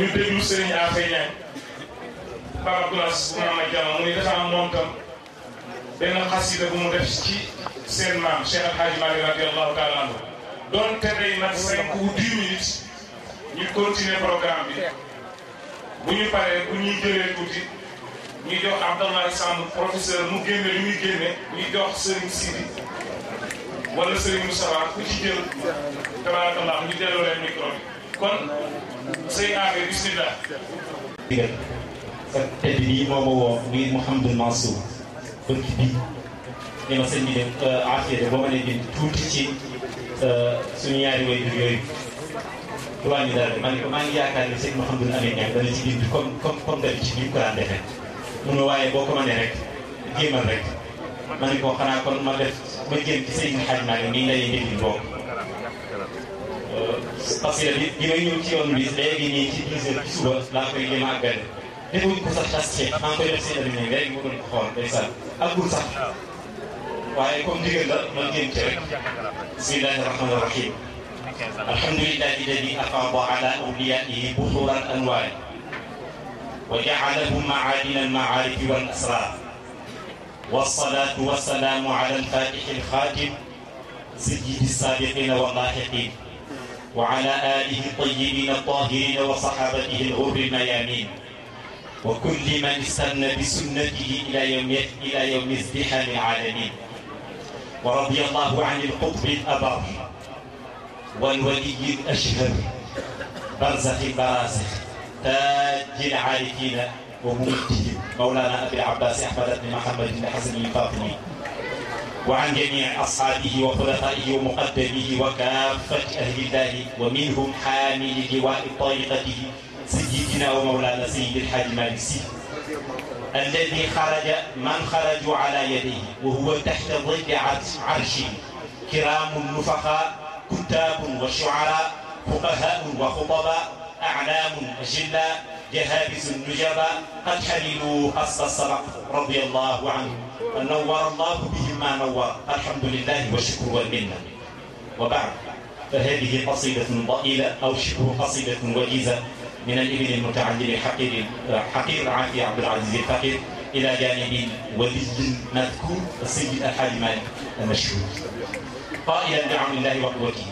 ñu déglu Serigne Afey Niang Pape Abdoulaye Maama Diallo tam benn xasida bu mu def ci seen maam Cheikh Al Hadj Malick radiyallahu taala anhu doon te day mat cinq ou dix minutes continuer programme bi bu ñu paree bu ñuy jëlee tuuti ñu jox Abdoulaye Samb professeur mu génne li muy génne ñu jox Serigne Sidi wala Serigne Moussa ku ci jël tabarakallah ñu delloo leen micro bi. kon sëñ Afe bismillah. digal sa tedd bi moo ma woo muy Mouhamadou Mansour bëgg bi ma sëñ bi dem euh, boo ma ne bind tuuti ci euh, suñu ñaari wayjur yooyu. waaw ñu dara maa ngi ko maa ngi yaakaar ne sëñ Mouhamadou Amine Niang ci bind mu ko daan defee. mu ne waaye boo ko mënee rek jéemal ma ne ko xanaa ma def ma jéem ci sëñ Xaaj maa ngi nii lay déglu parce que li li may ñëw ci yoon bi léegi nii ci 10 heures ci suba laa koy jéem a àggale defuñ ko sax tas ceeb maa ngi koy def seen amin léegi ma doon ko xool ndeysaan àggul sax waaye comme ndigal la ma jéem ci rek bismillahi rahmani rahim alhamdulillahi alladi afaada ala awliyaihi buxuran anwaari wa jacalahum macaadina almacaarifi wal asraar والصلاة والسلام على الفاتح الخاتم سيد السابقين واللاحقين وعلى آله الطيبين الطاهرين وصحابته الغر الميامين وكل من استنى بسنته إلى يوم إلى يوم ازدحام العالمين ورضي الله عن القطب الأبر والولي الأشهر برزخ البرازخ تاج العارفين وممتهم مولانا أبي العباس أحمد بن محمد بن حسن الفاطمي وعن جميع أصحابه وخلفائه ومقدميه وكافة أهل الله ومنهم حامل لواء طريقته سيدنا ومولانا سيد الحاج مالك سي الذي خرج من خرجوا على يديه وهو تحت ظل عرشه كرام نفخاء كتاب وشعراء فقهاء وخطباء أعلام أجلاء جهابس النجباء قد حملوا أصل السبق رضي الله عنهم wa nawwara allahu bihi ma nawwara alhamdulillahi wa shukru wal minna wa baad fa hadihi qasidatun daila aw shibru qasidatun wajiza من الابن المتعلم الحقير حقير عافية عبد العزيز الفقير إلى جانب ولي مذكور السيد الحاج مالك المشهور قائلا بعون الله وقوته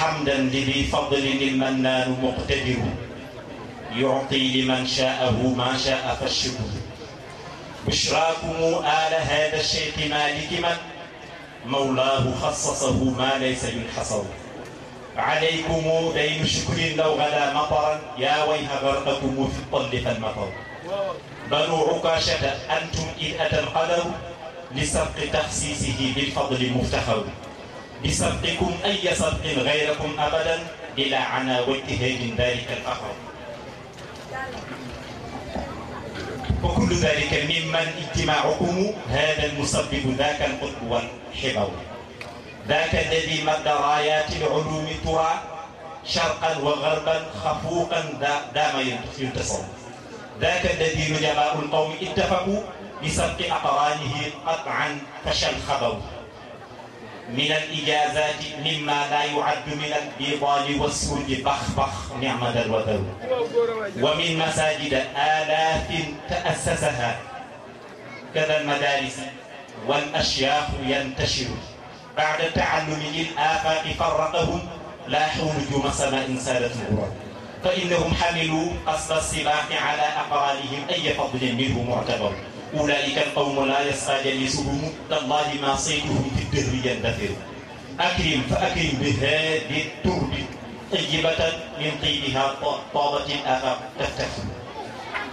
حمدا لذي فضل المنان مقتدر يعطي لمن شاءه ما شاء فالشكر بشراكم آل هذا الشيخ مالك من مولاه خصصه ما ليس ينحصر عليكم دين شكر لو غدا مطرا يا ويح غرقكم في الطل فالمطر بنو عكاشة أنتم إذ أتى القدر لسرق تخصيصه بالفضل المفتخر بسرقكم أي سرق غيركم أبدا بلا عنا واتهام ذلك الفخر kullu zalika mimman ijtimaacukum hada almusabbibu daka alqutbu walxibaw daka alladi madda raayaati lculumi tura sharqan wa garban xafuuqan daama yuntasaw daka alladi nujabaau lqawmi ittafaqu bi sabqi aqraanihi qatcan fashal xabaw min al ijazaati mimma la yuaddu min al bidaali wassuudi bax bax nicmatal wataru wa min masajida alaafin taassasaha kada al madaris wal ashyaaxu yantashiru bacda taallumi lil aafaaqi farraqahum laaxu nujuuma samaain saadat nuura fa innahum xamilu qasda sibaaqi ala aqraanihim ay fadlin minhu muctabar ulaa'ika alqawmu laa yasqaa jalisuhum tallaahi maa saytuhum fi dëhri yandafiru akrim fa akrim bi haadi turbi tajibatan min tiibiha taabatin aafaq taftaf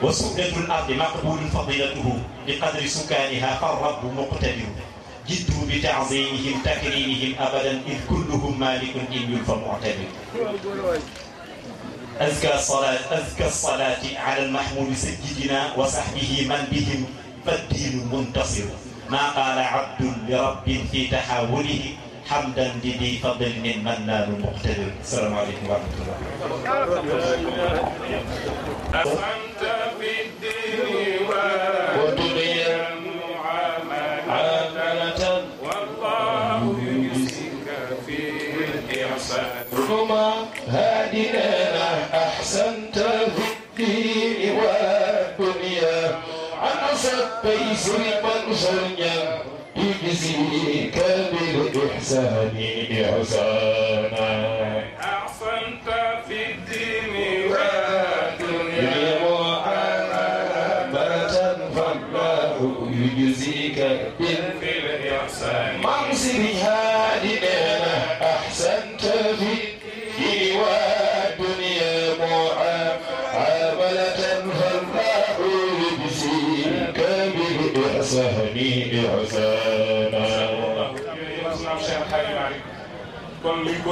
wa su'datul ardi maqbulun fadilatuhu bi qadri sukaaniha fa rabbu muqtadiru jidtu bi taazimihim takrimihim abadan id kulluhum malikun in yulfa mu'tadir azka salaat azka salaati ala almahmudi sayyidina wa sahbihi man bihim fa diinu muntasiru maa qaala abdun li rabbin fi taxawulihi hamdan li di fadl min man laa nu muqtadir asalaamaaleykum wa rahmatullah هادنا تيسر منشرنا يجزيك بالإحسان إحسانا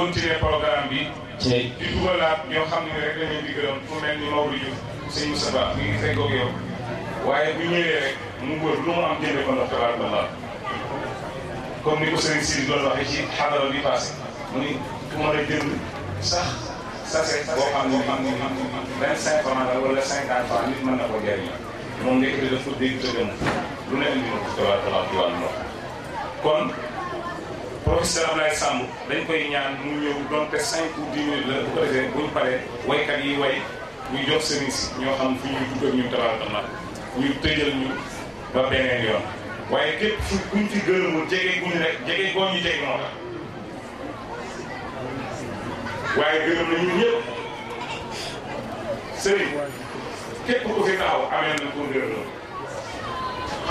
continuer programme bi. ci di dugalaat ñoo xam ne rek dañu di gërëm fu mel ni Maodo Diouf sëñ Moussa Ba mi ngi fekkoog yow waaye bu ñëwee rek mu wër lu mu am jënde ko ndax tabaarakallah comme ni ko sëriñ Sidi doon waxee ci mu ni ku mën a sax sase boo xam ne xam ne vingt cinq francs la wala cinquante francs nit mën na ko jëriñ moom ndekk te dem lu ne professeur Abdoulaye Samb dañ koy ñaan mu ñëw donte cinq ou dix minutes bu ko waykat yi way ñu jox sëriñ si ñoo xam fu ñuy dugg ak ñun tabaarkalla ñu tëjal ñu ba beneen yoon waaye képp fu kuñ fi gërëmul jege guñ rek fi taxaw la xam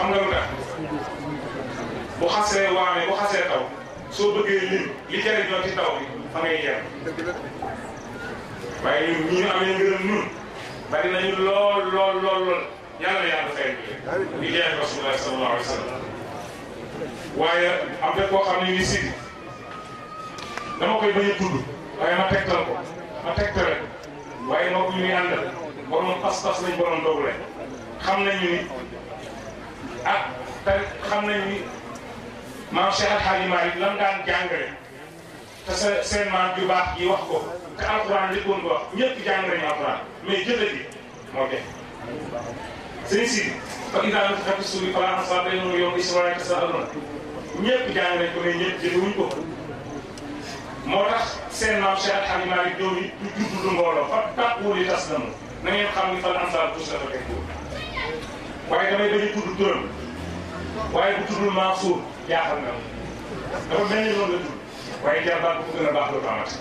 nga lu tax bu xasee waame bu xasee taw soo bëggee lim li jëriñoo ci taw bi fa ngay yem. waaye ñun ñi ñu amee ngërëm ñun bari nañu lool lool lool lool yàlla yàlla xëy na li jaay rasulullah sallallahu alayhi wa sallam waaye am na koo xam ne ni si dama koy bañ a tudd waaye ma tegtal ko ma tegtale ko waaye moo ko ñuy àndal borom pas-pas lañ borom doog lañ xam nañu ni ah te xam nañu ni. maam Cheikh Al Hadj Malick lam daan jàngale te sa seen maam baax yi wax ko te alxuraan li ko woon ko wax ñëpp jàngale ñu alxuraan mais jëfe ji moo def. sëñ si ba Idaara Fatou Sow balaa xam saa benn yoon bi si wàllu kese la amoon ñëpp jàngale ko mais ñëpp jëfewuñ ko. moo tax seen maam Cheikh Al Hadj Malick ñoom it du juddu mbooloo fa tàkkuwul yi tas na mu na ngeen xam ni fan ansaar tous dafa teg waaye damay bañ a tudd turam waaye bu tuddul Mansour jaaxal na dafa mel ni noonu la tudd waaye jarbaat bu gën a baax dootu amati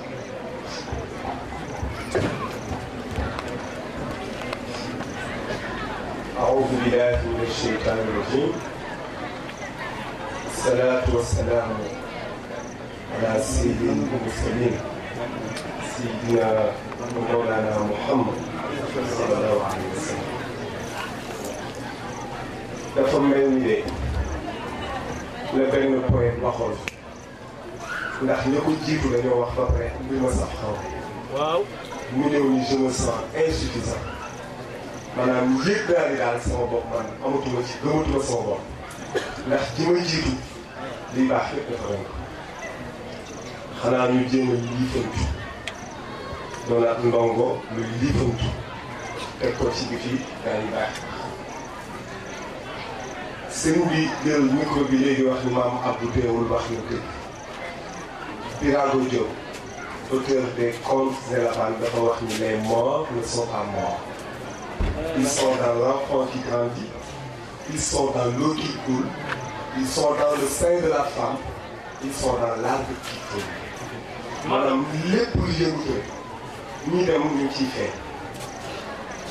أعوذ بالله من الشيطان الرجيم الصلاة والسلام على سيد المرسلين سيدنا مولانا محمد صلى الله عليه وسلم dafa mel ni de la benn poète waxoon ndax ña ko jiitu dañoo wax ba pare mbir ma sax xaw waaw mu ñëw ni je me sens insuffisant maanaam yëg naa ni daal sama bopp man amatuma ci sama bopp ndax ji ma jiitu liy baax yëpp dafa doon xanaa ñu jéem a liifantu doonaat ndongo lu liifantu teg ko ci bi fii daañu baax sëñ bi jël micro bi léegi wax ni maam Abdou teewul wax na dëgg Pirago Diop auteur des contes de la Vanne dafa wax ni les morts ne sont pas morts ils sont dans l'enfant qui grandit ils sont dans l'eau qui coule ils sont dans le sein de la femme ils sont dans l'arbre qui coule maanaam lépp lu yëngu ñu dem ñu ciy fee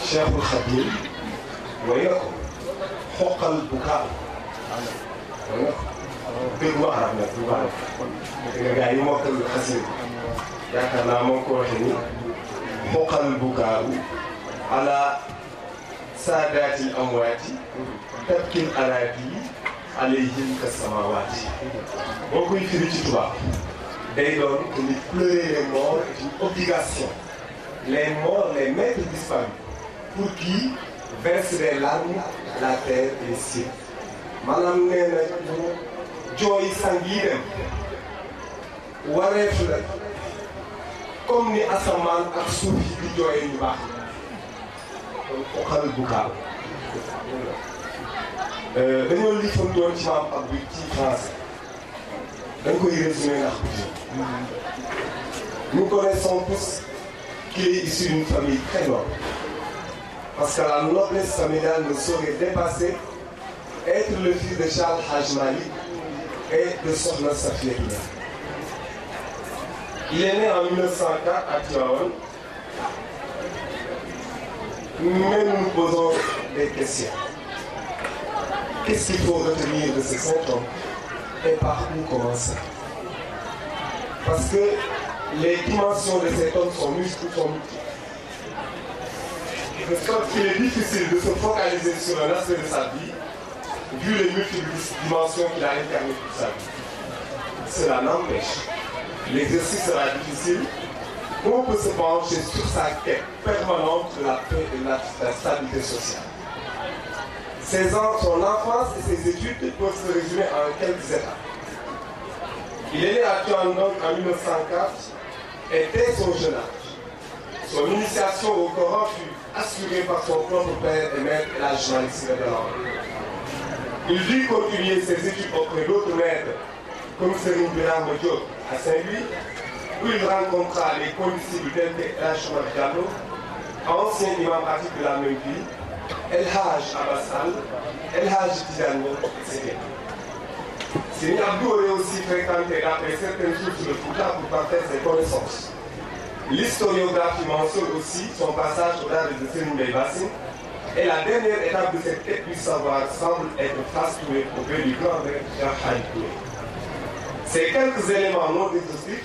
Cheikhul Khadim way na ko xoqal bu kaaw. dégg wax rek nag bu nga gars yi mokkal xasee yaakaar naa moom ko waxee ni xoqal bu kaaw ala saadaati amwaati tabkin alaati alayhim ka samawaati boo koy tubaab day doon que ni pleurer les morts est une obligation les morts les maîtres disparus pour verse des larmes la terre et cieux maanaam nee na jooy sang yi dem wareef comme ni asamaan ak suuf di jooyee ñu baax kon ku xal bu kaaw euh, dañoo liifoon doon ci maam ab bi ci français dañ koy résumé ndax nous connaissons tous qu'il est famille très noble Parce que la noblesse familiale ne saurait dépasser être le fils de Charles Hajmali et de Sohna Safia Il est né en 1904 à Tiaon. Mais nous nous posons des questions. Qu'est-ce qu'il faut retenir de ce saint homme et par Parce que les dimensions de cet homme de sorte qu'il est difficile de se focaliser sur un aspect de sa vie, vu les multiples dimensions qu'il a incarnées toute sa vie. Cela n'empêche, l'exercice sera difficile, on se pencher sur sa quête permanente la paix et de la, de la stabilité sociale. Ses ans, son enfance et ses études peuvent se résumer en quelques étapes. Il est né à en 1904 son jeune âge, au Coran fut assurée par son propre père et maître, la journaliste de Il dut continuer ses études auprès d'autres maîtres, comme Serine Biram Diop à Saint-Louis, où il rencontra les condisciples d'El Rachman Diallo, ancien imam pratique de la même ville, El Haj Abbasal, El Haj Tidano, etc. Seigneur Abdou aurait aussi fréquenté d'après sources l'historiographie mentionne aussi son passage au large de Serigne Bassine, et la dernière étape de cette quête du savoir semble être face tournée au gré du grand Cheikh Touré. Ces quelques éléments de dire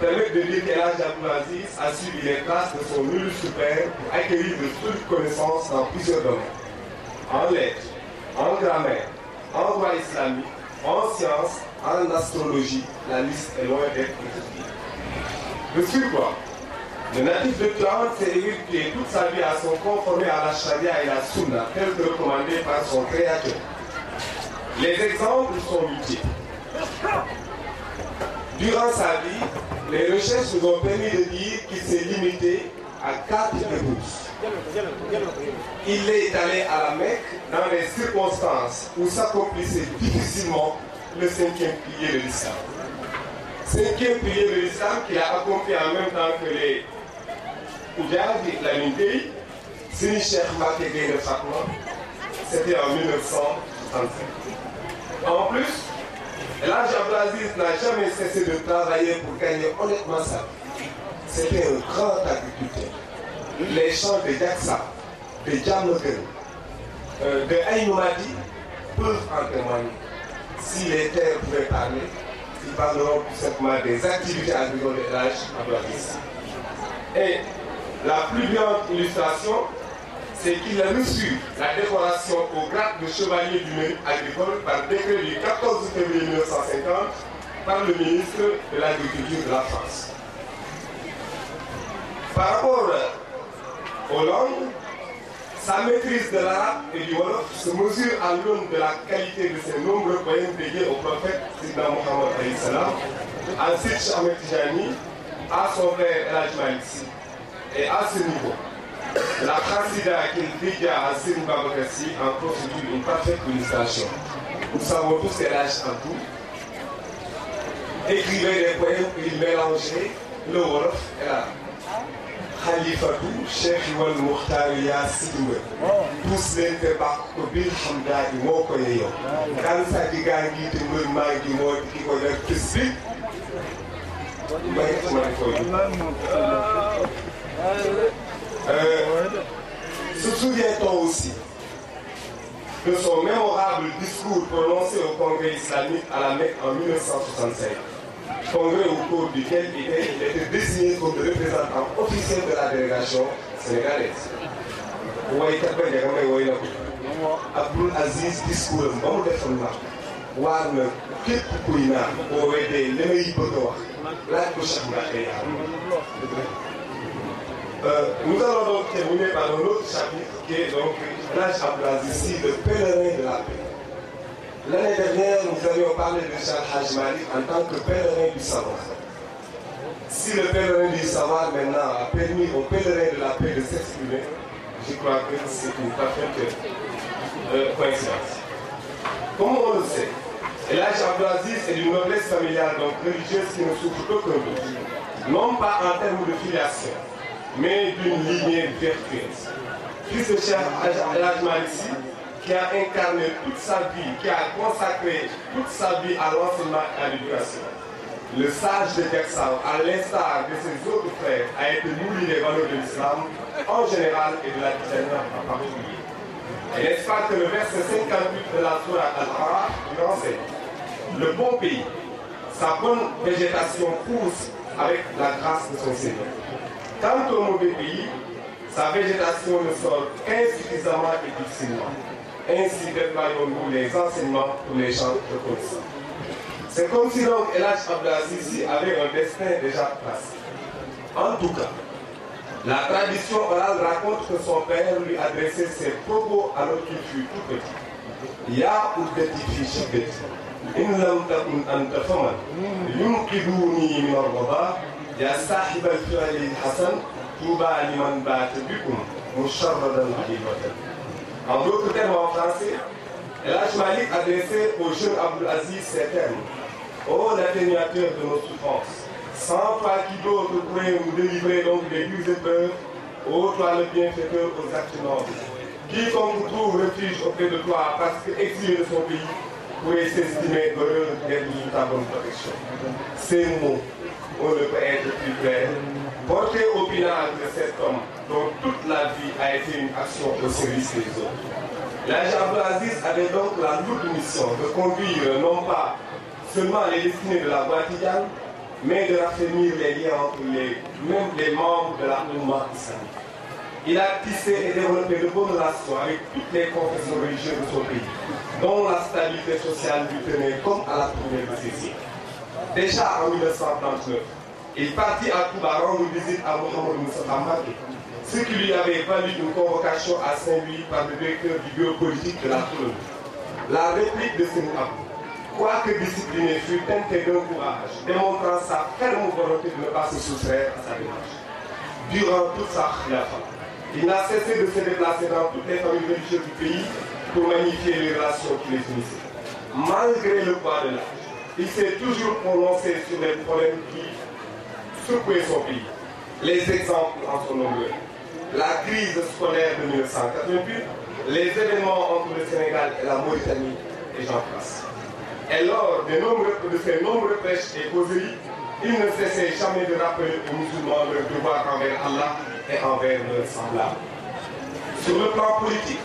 qu'El Hadji Abdoul Aziz a suivi les traces de son illustre père pour acquérir de toutes connaissances dans plusieurs domaines. En lettres, en grammaire, en droit islamique, en sciences, en astrologie, la liste est loin d'être Le natif de Tuaon s'est éduqué toute sa vie à se à la charia et la sunna, telle que recommandée par son créateur. Les exemples sont multiples. Durant sa vie, les recherches nous permis de dire qu'il s'est limité à quatre épouses. Il est allé à la Mecque dans des circonstances où s'accomplissait difficilement le cinquième pilier de l'islam. Cinquième pilier de en même temps que les Oudiaz et Lamine Gueye Serigne Cheikh Mbacké Gaïndé Fatma c'était en 1935 en plus El Hadj Abdou Aziz n'a jamais cessé de travailler pour gagner honnêtement sa vie c'était un grand agriculteur les champs de Diacksha de Diamaguène euh, de Aïnou Madi peuvent en témoigner si les terres pouvaient parler ils parleront tout simplement des activités agricoles de El Hadj Abdou Aziz La plus brillante illustration, c'est qu'il a reçu la décoration au grade de chevalier du mérite agricole par décret du février par le ministre de l'Agriculture de la France. Par rapport aux langues, sa maîtrise de l'arabe et du wolof se mesure à l'aune de la qualité de ses nombreux poèmes dédiés au prophète Sidna Mohammed, à Sid Ahmed Tijani, à son frère El et à ce niveau, la Chassida qu'il y a à Sirou Babakassi en constitue une parfaite illustration. Nous savons tous qu'elle lâche en tout. Écrivez les poèmes, il mélangeait le Wolof et la xalifatu cheikh wal muxtaar yaa sidiwe tous leen te baax ko biir xam daa moo ko yeyoo daan sa ji gaa ngi te mbër maa moo di ko def bés bi may ma ne Euh, se souvient-on aussi de son mémorable discours prononcé au Congrès islamique à la Mecque en 1965, congrès au cours duquel il était désigné comme le représentant officiel de la délégation sénégalaise. woykat ba njëkk may woy na ko Abdoul Aziz discours am ba mu defoon wax waar na képp kuy naan boo weddee li may bëgg a wax laaj ko Cheikh Mbacke Yaaw Euh, nous allons donc terminer par un autre chapitre qui est donc place à place ici, le pèlerin de la paix. L'année dernière, nous avions parlé de Charles Haj en tant que pèlerin du savoir. Si le pèlerin du savoir maintenant a permis au pèlerin de la paix de s'exprimer, je crois que c'est une parfaite euh, coïncidence. Comme on le sait, l'âge Abdelaziz est d'une noblesse familiale, donc religieuse, qui ne souffre aucun doute. Non pas en termes de filiation, mais d'une lignée vertueuse. Fils de Cheikh Malissi, qui a incarné toute sa vie, qui a consacré toute sa vie à l'enseignement à l'éducation. Le sage de Jackson, à l'instar de ses autres frères, a été nourri des valeurs de l'islam en général et de la Tijana en particulier. Et n'est-ce pas que le verset de la Surah Al-Ara nous renseigne Le bon pays, sa bonne végétation pousse avec la grâce de son Seigneur. Quant au mauvais pays, sa végétation ne sort Ainsi déployons les enseignements pour les champs de production. C'est avait un destin déjà tracé. En tout cas, la tradition orale raconte que son père lui adressait ses propos alors qu'il fut tout petit. yaa ukhti fii shibbati in lam takun anta faman yunqiduni min ar-radaa yaa saaxibal fi'lil xasan tuubaa liman baata bikum musharradan xalifatan En d'autres termes en français, El Hadj Malick adressait au jeune Abdoul Aziz ces termes. de nos souffrances, sans toi qui d'autre pourrait nous délivrer donc des durs épreuves, ô toi le bienfaiteur aux actes nobles. Quiconque trouve refuge auprès de parce que exilé de son pays pourrait s'estimer heureux d'être sous ta bonne protection. Ces on ne de cet homme dont toute la vie a été une action au service des autres. L'agent Aziz avait donc la lourde mission de conduire non pas seulement les destinées de la Guatemala, mais de raffermir les liens entre les, même les membres de la mouvement islamique. Il a tissé et développé de bonnes relations toutes les confessions religieuses de son pays, dont la stabilité sociale lui comme à la première de déjà en 1939. Il partit à Touba rendre visite à Mohamed Moustapha Mbacké, ce qui lui avait valu une convocation à Saint-Louis par le du bureau politique de la colonie. La réplique de Serigne Abdou, quoique discipliné, fut teintée d'un courage, démontrant sa ferme volonté de ne pas se soustraire à sa démarche. Durant toute sa khilafa, de se pays pour magnifier les Malgré le poids de l'âge, il s'est toujours prononcé sur les problèmes qui secouaient son pays. Les exemples en sont nombreux. La crise scolaire de les événements entre le Sénégal et la Mauritanie, et j'en passe. Et lors de, nombreux, prêches et causeries, il ne cessait jamais de rappeler aux musulmans leur devoir envers Allah et envers leurs semblables. Sur le plan politique,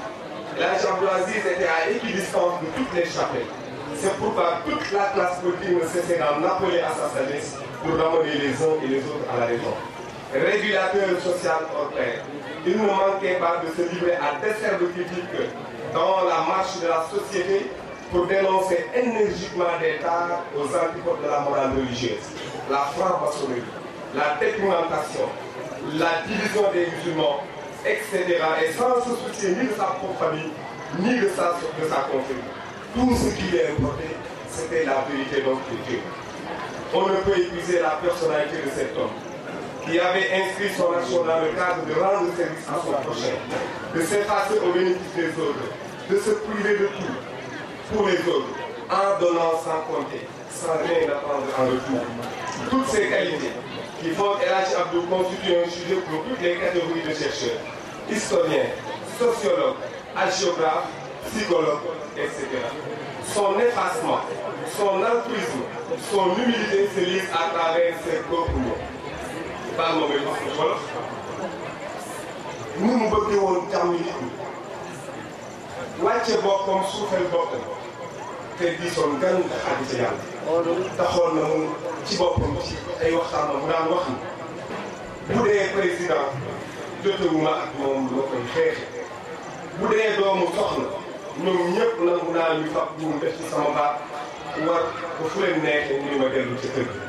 la Aziz était à équidistance de toutes les chapelles. C'est pourquoi toute la classe politique ne cessait d'en appeler à sa sagesse pour ramener les uns et les autres à la raison. Régulateur social européen, il ne manquait pas de se livrer à des de critiques dans la marche de la société pour dénoncer énergiquement des tares aux antipodes de la morale religieuse, la franc la dépigmentation, la division des musulmans, etc. et sans se soucier ni de sa propre famille, ni de sa, de tout ce qui les importait, c'était la vérité donc de Dieu. On ne peut épuiser la personnalité de cet homme qui avait inscrit son action dans le cadre de rendre service à son prochain, de s'effacer au bénéfice des autres, de se priver de tout pour les autres, en donnant sans compter, sans rien attendre en retour. Toutes ces qualités qui font LH Abdou constituent un sujet pour toutes les catégories de chercheurs, historiens, sociologues, algéographes, psychologues, etc. Son effacement, son altruisme, son humilité se lisent à travers ses propres mots. bal ma koy wax ci wolof ni mu bëggee woon jàmm nit ñi wàcce boppam suufeel boppam te diisoon gan nga xàgg ci yàlla taxoon na mu ci boppam ci ay waxtaanam mu daan wax ni bu dee président jotewuma ak moom loo koy xeexe bu dee doomu soxna ñoom ñëpp nangu naa ñu fab buum def ci sama baat war ba fu neexee ñu ma dellu ci kër gi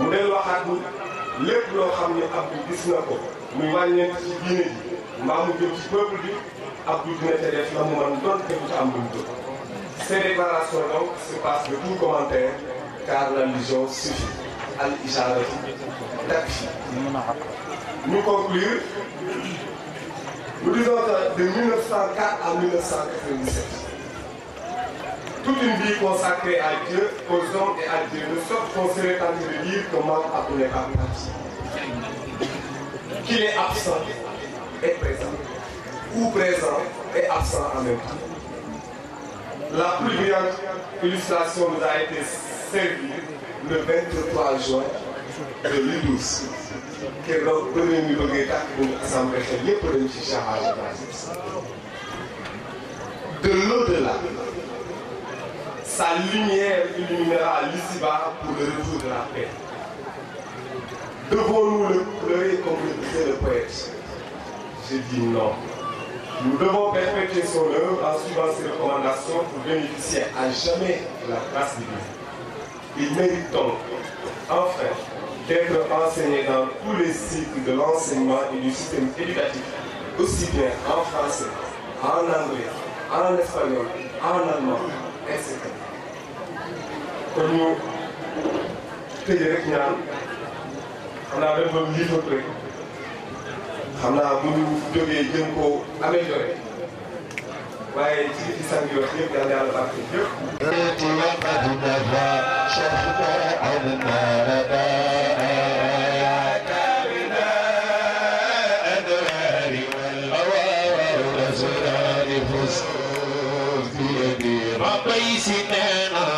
mu del waxaat ni lépp loo xam ne Abdou gis na ko muy wàññeent ci diine ji mbaa mu jëm ci peuple bi Abdou dina ca def la mu doon te ci am lu mu jëm ces déclarations donc de tout commentaire car l'allusion suffit al isharatu takfi ñu conclure Nous disons que de 1904 à 1997, toute une vie consacrée à Dieu, aux hommes et à Dieu, de sorte qu'on serait en train de dire que mort appelé est absent et présent, ou présent et absent en La plus brillante illustration nous a été servie le 23 juin de te loolu ba réew mi bëggee tax ñu assemblée xel yépp dañ ci Cheikh Hadj Ibrahima de l'au-delà sa lumière illuminera l'ici-bas pour le retour de la paix devons-nous le pleurer comme le disait le poète j'ai dit non nous devons perpétuer son œuvre en suivant ses recommandations pour bénéficier à jamais de la grâce divine il mérite donc enfin d'être enseigné dans tous les cycles de l'enseignement et du système éducatif, aussi bien en français, en anglais, en espagnol, en allemand, etc. kon ñu tëjee rek ñaan xam naa même moom lii fëpp rek xam naa bu ñu jógee jëm koo amélioré waaye ci li ci sànq yi wax yëpp yàlla yàlla baax na yëpp. ربي سنانا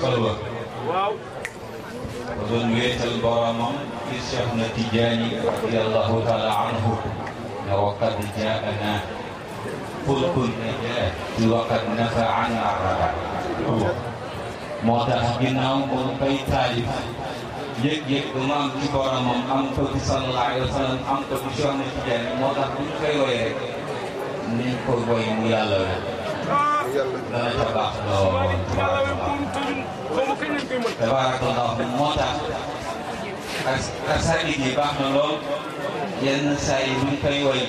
xalwa doon wéetal boromam ci Cheikh na Tijaani radiyallahu taala anhu ne waqad jaana fulkun najaati waqad nafaana araba moo tax ginnaaw moom koy taalif yëg-yëg bu ma am ci boromam am ko ci sallallahu alayhi wa sallam am ko ci Cheikh na Tijaani moo tax bu ñu koy woy rek ni ñu ko woy mu yàlla wér yàlla. danañ ko baax lool waaw moo tax ak ak sànni gi baax na lool yenn saa yi buñ koy woy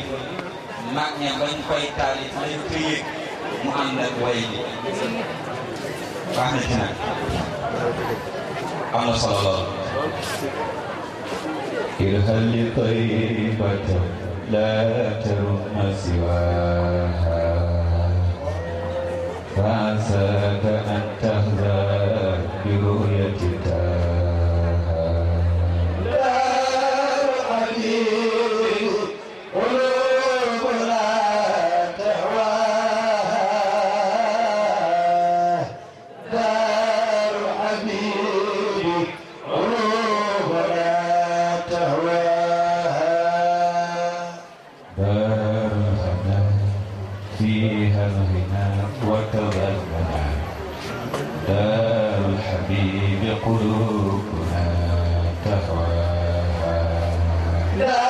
mag ña bañ koy taalif nañ ko yëg mu ànd ak woy bi baax na ci nag am na solo lool. إلها لطيبة لا ترم سواها وعساك أن تهزى بروح لا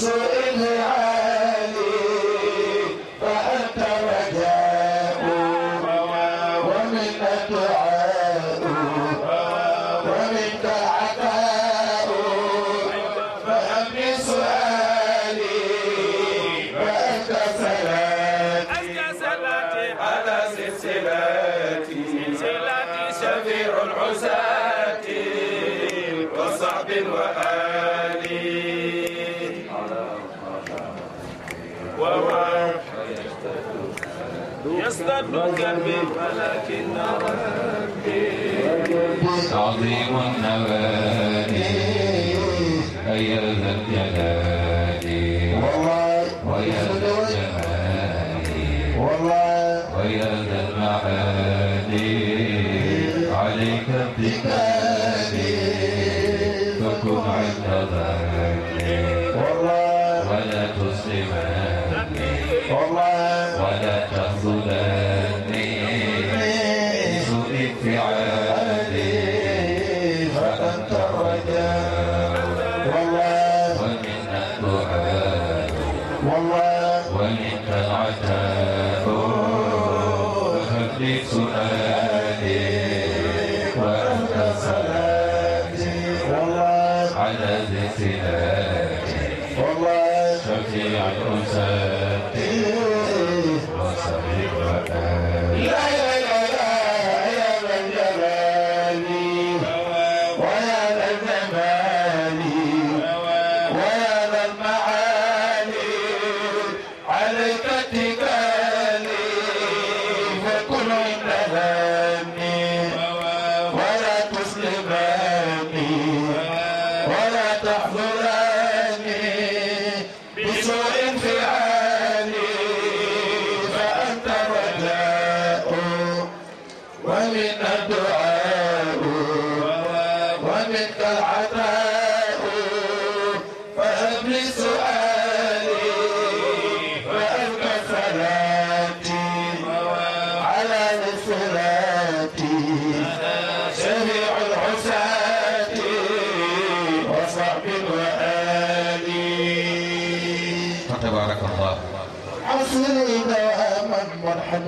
so وذنبي ولكن ربي عظيم النوالي أيا ذا الجلال والله ويا ذا الجمال والله ويا ذا المعالي عليك بك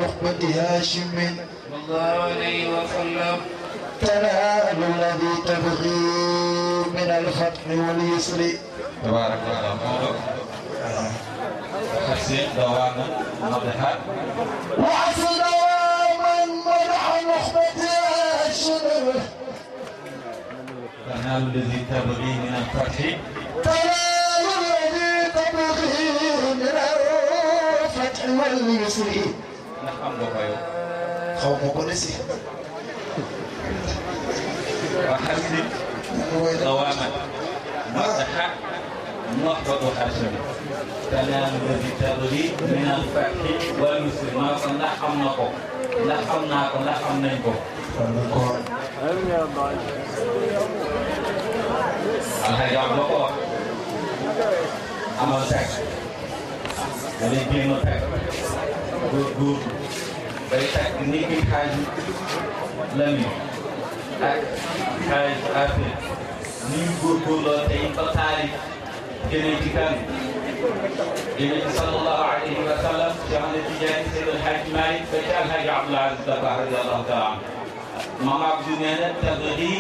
نخبة هاشم صلى الله عليه وسلم تنال الذي تبغي من الفتح واليسر تبارك الله حسين دواما مدحا وعسى دواما مدحا نخبة هاشم تنال الذي تبغي من الفتح تنال الذي تبغي من الفتح واليسر xam nga ko yow. xaw ma ko dese. wa xasin qawaaman martaha mahbatu xarsami tanaalu bi tabri min al faxi wal yusri maa ko ndax xam na ko ndax xam naa ko ndax xam nañ ko. alxames am na ko wax. amal teg. wala jéem a teg. góor góor day takk nii ki xaaj lan yi ak xaaj affaire ni ñu góorgóorloo tey ba taalif jëmee ci kan jëmee ci sallallahu alayhi wa sallam Cheikh Ahmed Tidiane Seydi El Hadj Malick ba ci Alhaji Abdoul Aziz Dabakh radiyallahu taala anhu Mame Abdou nee na tabri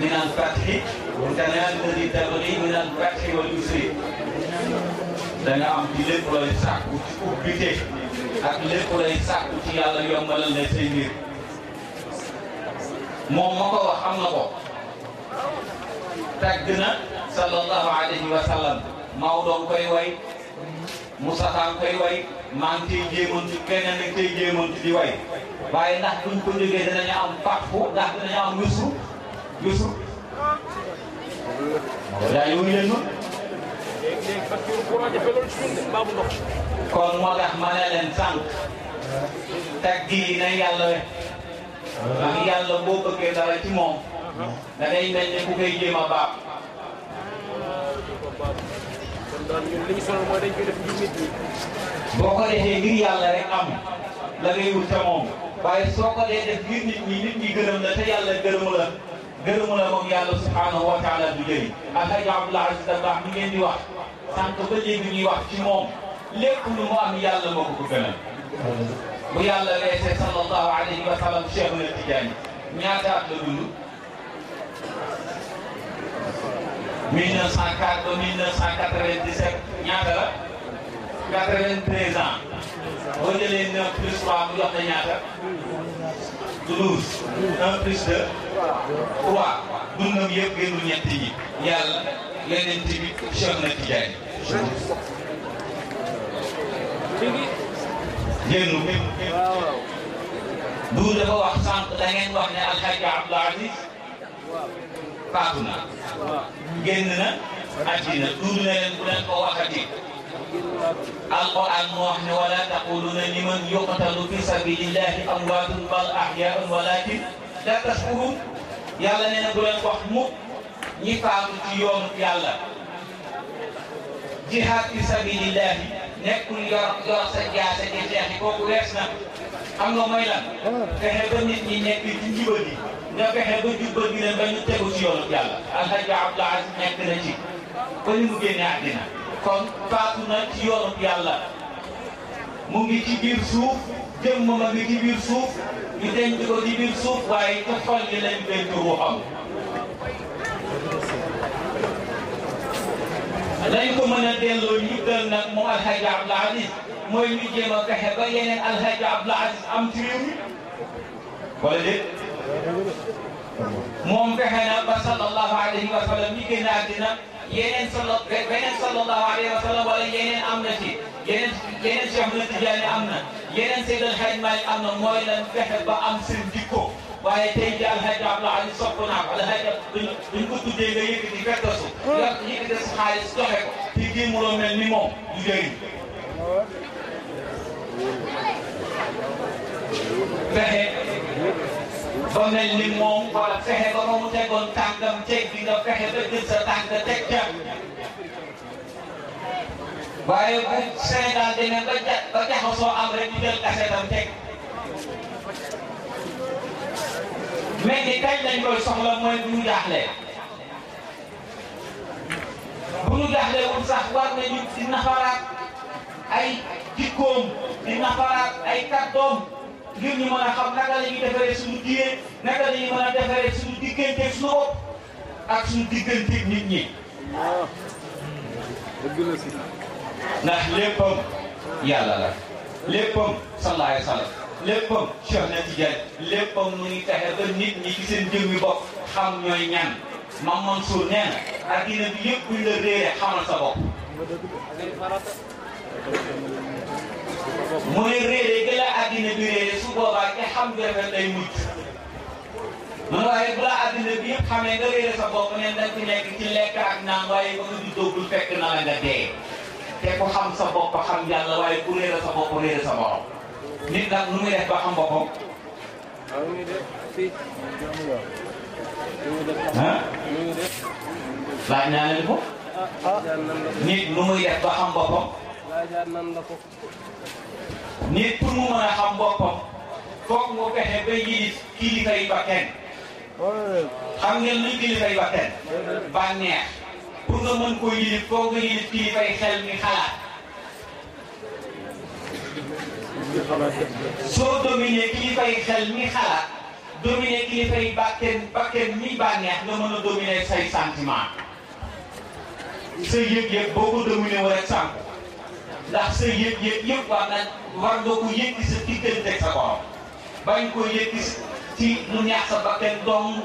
min al fathi wa kanaan ladi tabri min al fathi wal usri da nga am ci lépp looy sàkku ci ubbite ak lépp lay sàkku ci yàlla yombalal na say mbir moom ma ko wax xam na ko tàgg na sallallahu alayhi wa sallam Maodo koy way Moustapha koy way maa ngi tey keneen ak tey jéemantu di way waaye ndax buñ ko jógee danañu am fàqu ndax danañu am yusu yusu. waaw daa yóbbu leen kon moo tax ma ne leen sànq tagg yi na yàlla we ndax yàlla boo bëggee dara ci moom da boo ko defee ngir yàlla rek am la ngay te moom waaye soo ko dee def ngir nit ñi nit ñi gërëm la te yàlla gërëmu la moom yàlla subhanahu taala du jëriñ alhaji abdoulah aziz dabaax mi di wax sànq ba léegi wax ci moom lépp lu mu am yàlla moo ko ko bu yàlla reesee sallallahu alayhi wa sallam Cheikhuna Tidiane ñaata at la dund 1904 ba 1997 ñaata la 93 ans boo jëlee 9 plus 3 mu jox ñaata 12 1 plus 2 3 dundam yëpp gënul ñett yi yàlla yeneen tamit Cheikhuna Tidiane déglu du wax sànq da wax ne alxaaji Abdou Aziz faatu na génn na àddina duud na leen bu leen ko waxati alquran moo wax ne wala taquluna liman yuqtalu fi sabilillahi amwaatun bal ahyaun walakin la tashkurun yàlla nee na bu leen wax mu ñi faatu ci yoonu yàlla jihaad fi sabilillahi nekkul yor yor sa jaase ci xeex yi kooku lees na xam nga mooy lan fexe ñi nekk ci njubadi nga fexe ba jubadi leen ba ñu tegu ci yoonu yàlla na ci ba ni mu génnee kon faatu na ci yàlla mu ngi ci biir suuf jëmm ma ngi ci suuf ñu denc ko ci suuf waaye ca xol yi lañ denc ruuxam lañ ko mën a delloo njukkal nag moom alxaaji Abdou Aziz mooy ñu jéem a fexe ba yeneen alxaaji Abdou Aziz am ci réew mi moom fexe na ba sallallahu alayhi wa sallam ñi gën a àddina yeneen sala beneen sallallahu alayhi wa sallam wala yeneen am na ci yeneen yeneen Cheikh Ahmed Tidiane am na yeneen Seydi El Hadji am na mooy lan fexe ba am seen jikko waaye tey jii alxaji Abdoulaye sopp naa ko alxaji duñ duñ ko tuddee nga fekk su. Mm. yor yëkkati su xaalis joxe ko. te jéemuloo mel ni moom du jëriñ. fexe ba mel tegoon tànkam teg bi nga fexe ba jël sa tànk teg ca. waaye bu Sénégal demee ba ja ba jaxasoo am rek ñu jël kasetam mel ni kañ lañ koy soxla mooy bu ñu jaaxlee bu ñu jaaxlee woon sax war nañu di nafaraat ay jikkoom di nafaraat ay kàddoom ngir ñu mën a xam naka la ñuy defaree suñu diine naka la ñuy mën a defaree suñu digganteeg suñu bopp ak suñu digganteeg nit ñi. ndax léppam yàlla la léppam sallallahu alayhi wa sallam léppam Cheikh na Tidiane léppam mu ngi taxe ba nit ñi ci seen jëmmi bopp xam ñooy ñan Mame Mansour nee na addina bi yëpp buñ la réere xamal sa mu ne réere gi la addina bi réere su boobaa xam nga rafet day mujj mu ne waaye balaa addina bi yëpp xamee nga réere sa bopp ne da ci nekk ci lekk ba nga juddoogul fekk na la nga dee te ku xam sa xam yàlla waaye ku réere sa bopp nit daal nu muy def ba xam boppam. ah. laaj naa leen ko. nit nu muy def ba xam boppam. nit pour mu mën a xam boppam foog nga fexe ba yilif kilifa yi ba kenn xam ngeen luy kilifa yi ba kenn bànneex pour nga mën koo yilif foog nga yilif kilifa yi xel mi xalaat soo dominé kilifay xel mi xalaat dominé kilifay bàkken bàkken mi bànneex nga mën a dominé say sentiment sa yëg-yëg boo ko dominé wu rek sànq ndax sa yëg-yëg yëpp war na war nga ko sa diggante bañ ko yëg ci lu neex sa bàkken dong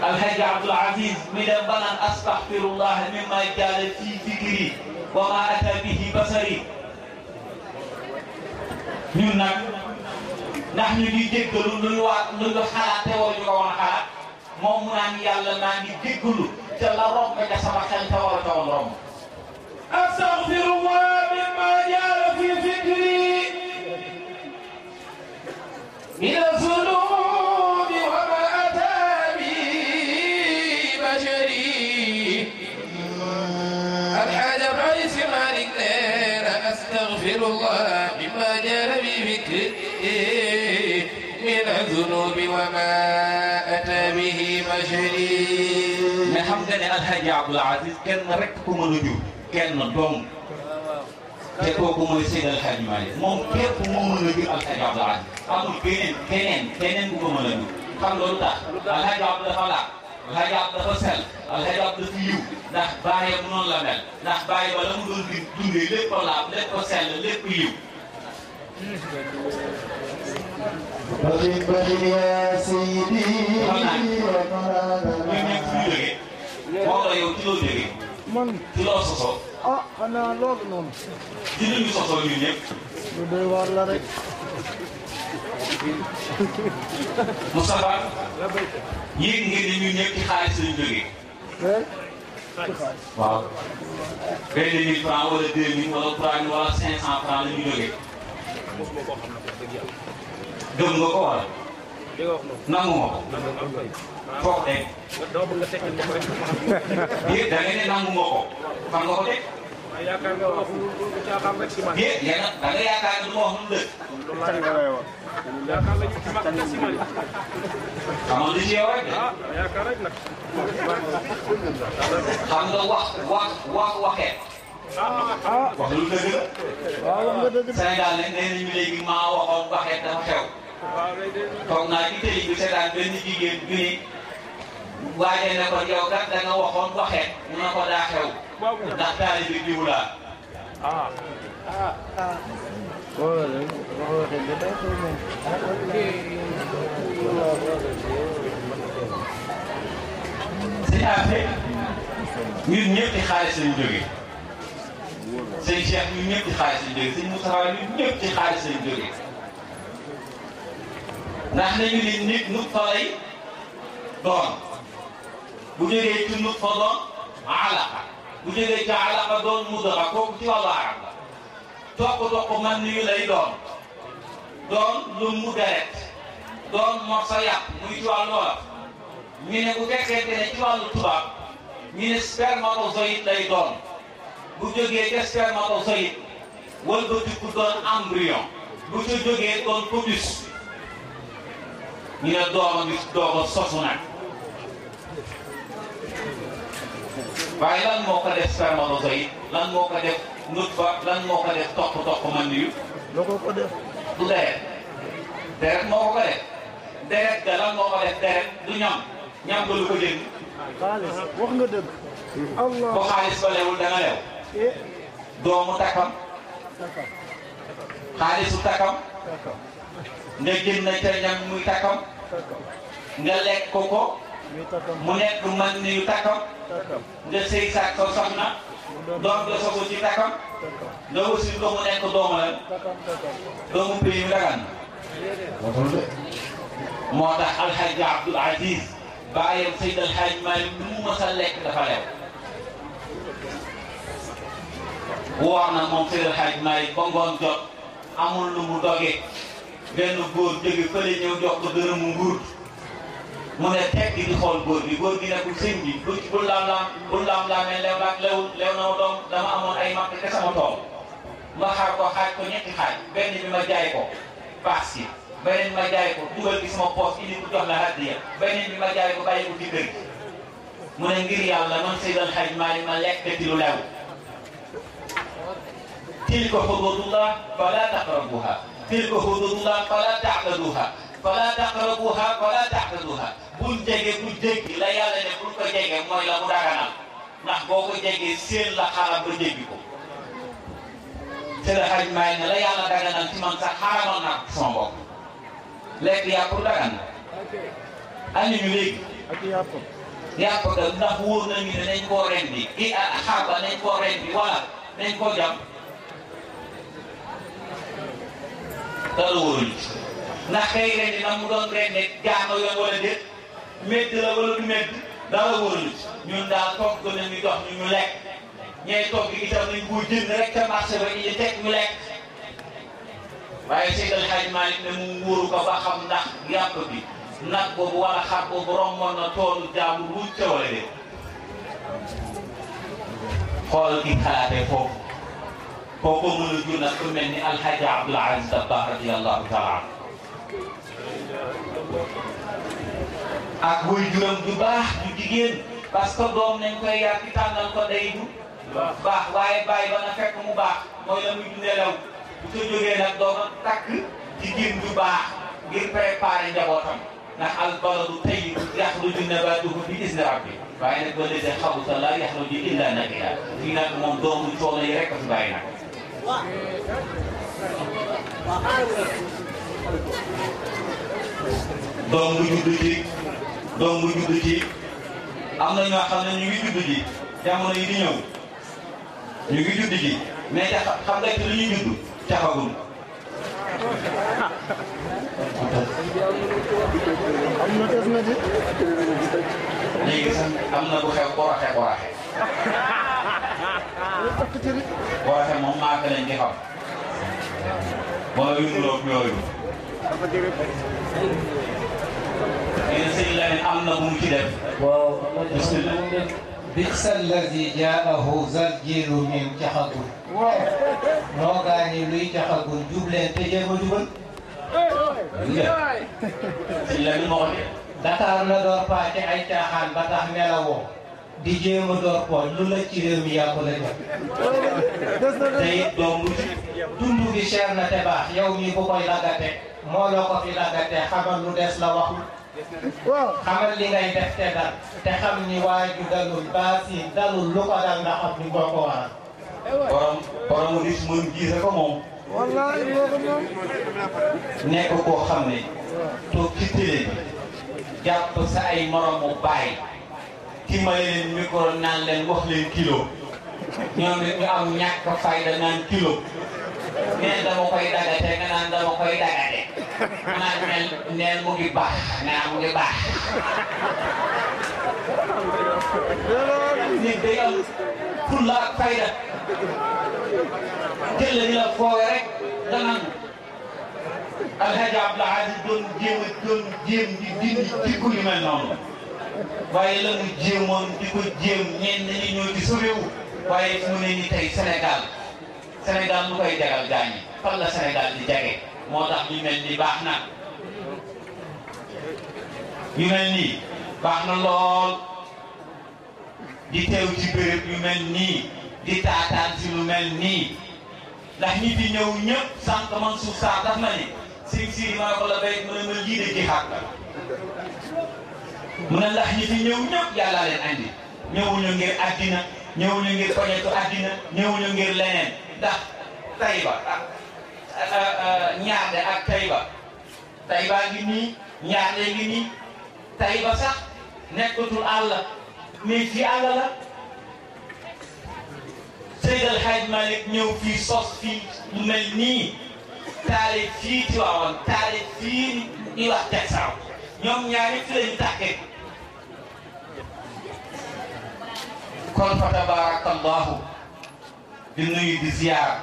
Alhaji Abdul Aziz mi dem ba naan astaxfirullah mimma jaale fii fikri wa ma ata bihi basari ñun nag ndax ñu ngi lu ñu waa lu ñu xalaate wala ñu ko woon xalaat moom mu naan yàlla naa ngi jéggalu te la romb ca sama xel te war a tawoon romb astaghfirullah mimma jaala fi ما أتى به بشري mais xam nga ne Alxaaji Abdul Aziz kenn rek ku mën a jur kenn doom te kooku mooy Seydi Alxaaji Maalik moom képp moo mën a jur Alxaaji Abdul Aziz amul keneen keneen keneen bu ko mën a jur xam loolu tax Alxaaji Abdul dafa laaj Alxaaji Abdul dafa sell Alxaaji Abdul dafa yiw ndax baayam noonu la mel ndax baay ba la mu doon dundee lépp a laab lépp a sell lépp yiw man ci loo sosoo. ah xanaa loolu noonu. ci li ñu sosoo ñun ñëpp. lu doy waar la rek. Moustapha. yéeg ngeen ne ñun ñëpp ci xaalis lañ jógee. waaw. benn mille franc wala deux mille wala trois mille wala cinq cent franc la gëm nga ko wala. nangu ma ko. foo ko teg. biir da ngeen ne nangu ma ko. fan nga ko teg. yaakaar nga wax lu caaxaan rek si man. biir yéen a da nga yaakaar ne du ma wax lu dëgg. yaakaar nga ci mag rek si man. xamoon li ci yow rek de. Ah, yaakaar rek nag. xam nga wax wax wax waxee. Ah, ah. wax lu dëgg la. waaw wax nga dëgg la. Sénégal nag nee nañu léegi maa waxoon waxee dafa xew. toog naa ci tëli bi seetaan benn jigéen bi ni waaje ne ko yow kat da nga waxoon waxeet mu ne ko daa xew ndax taalibi diw laa si affaire ñun ñëpp ci xaalis lañ jógee sëñ Cheikh ñun ci xaalis lañ jógee sëñ Moustapha ñun ci xaalis lañ ndax nañu li nit nut fa lay doon bu ci nut fa doon alaqa bu ci alaqa doon mudara kooku ci wàllu arab la toq niyu lay doon doon lu mu deret doon mor muy ci wàllu wolof ñu ne bu fekkente ne ci wàllu tubaab ñu ne lay doon bu jógee ci spermatozoïde wëlbatiku doon embryon bu ca jógee doon fœtus ñu ne dooma gi dooma sosu nag waaye lan moo ko def spermatozoïde lan moo ko def nutfa lan moo ko def topp topp man yu loo ko def du deret moo ko def deret ga lan moo ko du ko jënd xaalis wax nga dëgg allah xaalis ba lewul danga lew eh. doomu takkam xaalisu takkam nga na ca muy takkam nga lekk ko mu nekk man niyu takkam nga sëy saak sa soxna doom nga sobu ci takkam nga wasin ko mu nekk doomu lan doomu pays mu dagan moo tax alxaaji Abdul Aziz bàyyam Seyd Alxaaj Maalik mu mës lekk dafa lew woor na moom Seyd Alxaaj Maalik ba jot amul lu mu doge benn góor jóge fële ñëw jox ko dërëmu nguur mu ne teg di xool góor bi góor gi nekkul sëñ bi bu bu laam laam bu laam laamee lew naag lewul lew na ma doom dama amoon ay mag te sama tool ma xaar ko xaaj ko ñetti xaaj benn bi ma jaay ko paas si beneen bi ma jaay ko dugal gi sama poos indi ko jox la hadiya beneen bi ma jaay ko bàyyi ko ci kër gi mu ne ngir man Seydal Hadj Malick ma lekk ci lu lew tilka hududullah fala taqrabuha tilka hududullah fala ta'taduha fala taqrabuha fala ta'taduha bul jege ku jéggi la yàlla ne bul ko jege mooy la mu daganal ndax boo ko jegee seen la xaram ba jéggi ko te la xaj maay ne la yàlla daganal ci man sax xaramal naa ko sama bopp lekk yàpp dagan na andi ñu léegi yàpp ga ndax wóor nañu ne nañ koo rendi i xar ba nañ koo rendi wala nañ koo jàpp loolu wóoruñu ndax kay ren la mu doon ren de gaano la wala déet métti la wala du métti dara ñun daal togg nañu dox ñu ñu lekk ñay togg itam nañ ko jënd rek ca marché ba ñu teg ñu lekk waaye Seydi El Hadji ne mu wóoru ko ba xam ndax yàpp bi nag boobu wala xar boobu romboon na toolu jaamu wuñ ca wala déet xool gi xalaatee foofu. kooku mën a jur nag ku mel ni Alhaji Abdoul Aziz Dabakh radiyallahu taala ak wuy juram du baax jigéen parce doom nañ koy yar ci tàngal ko day du baax waaye bàyyi ba na fekk mu baax mooy la muy dundee bu ko jógee nag dooma takk jigéen du baax ngir préparer njabootam ndax albaladu tayyibu yaxruju nabaatuhu bi izni rabbi waaye nag ba léegi xabuta la yaxruju illa nakiya fii moom doomu coono yi rek a fi nag doom bu juddu ji doom bu juddu ji am na ñoo xam ne ñu ngi juddu ji jamono yi di ñëw ñu ngi juddu ji mais xam nga ci li ñuy juddu caxagul. léegi sax am na bu xew boo raxee boo waxee moom maaka lañ di xam mooy yu nuroog yooyu yéen sëñ Lamine am na bu mu ci def waaw bismillah bisa alladi jaahu zarjilu min caxagun noo gaa ni luy caxagun te jéem di jéem door ko lu la ci réew mi yàqu la te it doomu dund gi cher na te baax yow mi bu koy làggate moo loo ko fi làggate xamal lu des la waxul xamal li ngay def te dal te xam ni waaju dalul baasi dalul lu ko dal nga xam ni moo ko waral borom boromu nit mën jiise ko moom nekk koo xam ne toog ci télé jàpp sa ay moromu bàyyi dimbale leen micro naan leen wax leen kilo ñoom it ñu am ñàkk fayda naan kilo neen dama koy dagate nga naan dama koy dagate naan neen neen mu ngi baax naan mu ngi baax nit day am fulla ak fayda jël la ñu la foowe rek nga naan alxaaji Abdul Aziz doon jéem a doon jéem di dindi jikko yu mel noonu waaye la jéemoon di ko jéem ñenn ñi ñoo ci suréewu waaye fu mu ne nii tey Sénégal Sénégal lu koy jagal gaañi fan la Sénégal di jage moo tax ñu mel baax na ñu mel nii baax na lool di teew ci béréb yu mel nii di taataan si lu mel nii ndax ñi di ñëw ñëpp sànq man suuf na ni si si ma ko la béy ma ne ma lii de ji xàq mun a lax ñi fi ñëw ñëpp yàllaa leen andi ñëwuñu ngir addina ñëwuñu ngir poñetu addina ñëwuñu ngir leneen ndax Tayba ah, ah, ah, ak ak Tayba Tayba ngi nii ñaarde ngi nii Tayba sax nekkatul àll mais fii àll la Seyd El Hadj ñëw fii sos fii mu nii taalif fii ci waawoon taalif fii ñuy wax Jaksaaw ñoom ñaari fi lañu tàkkee kon fa tabarakallahu di nuyu di ziar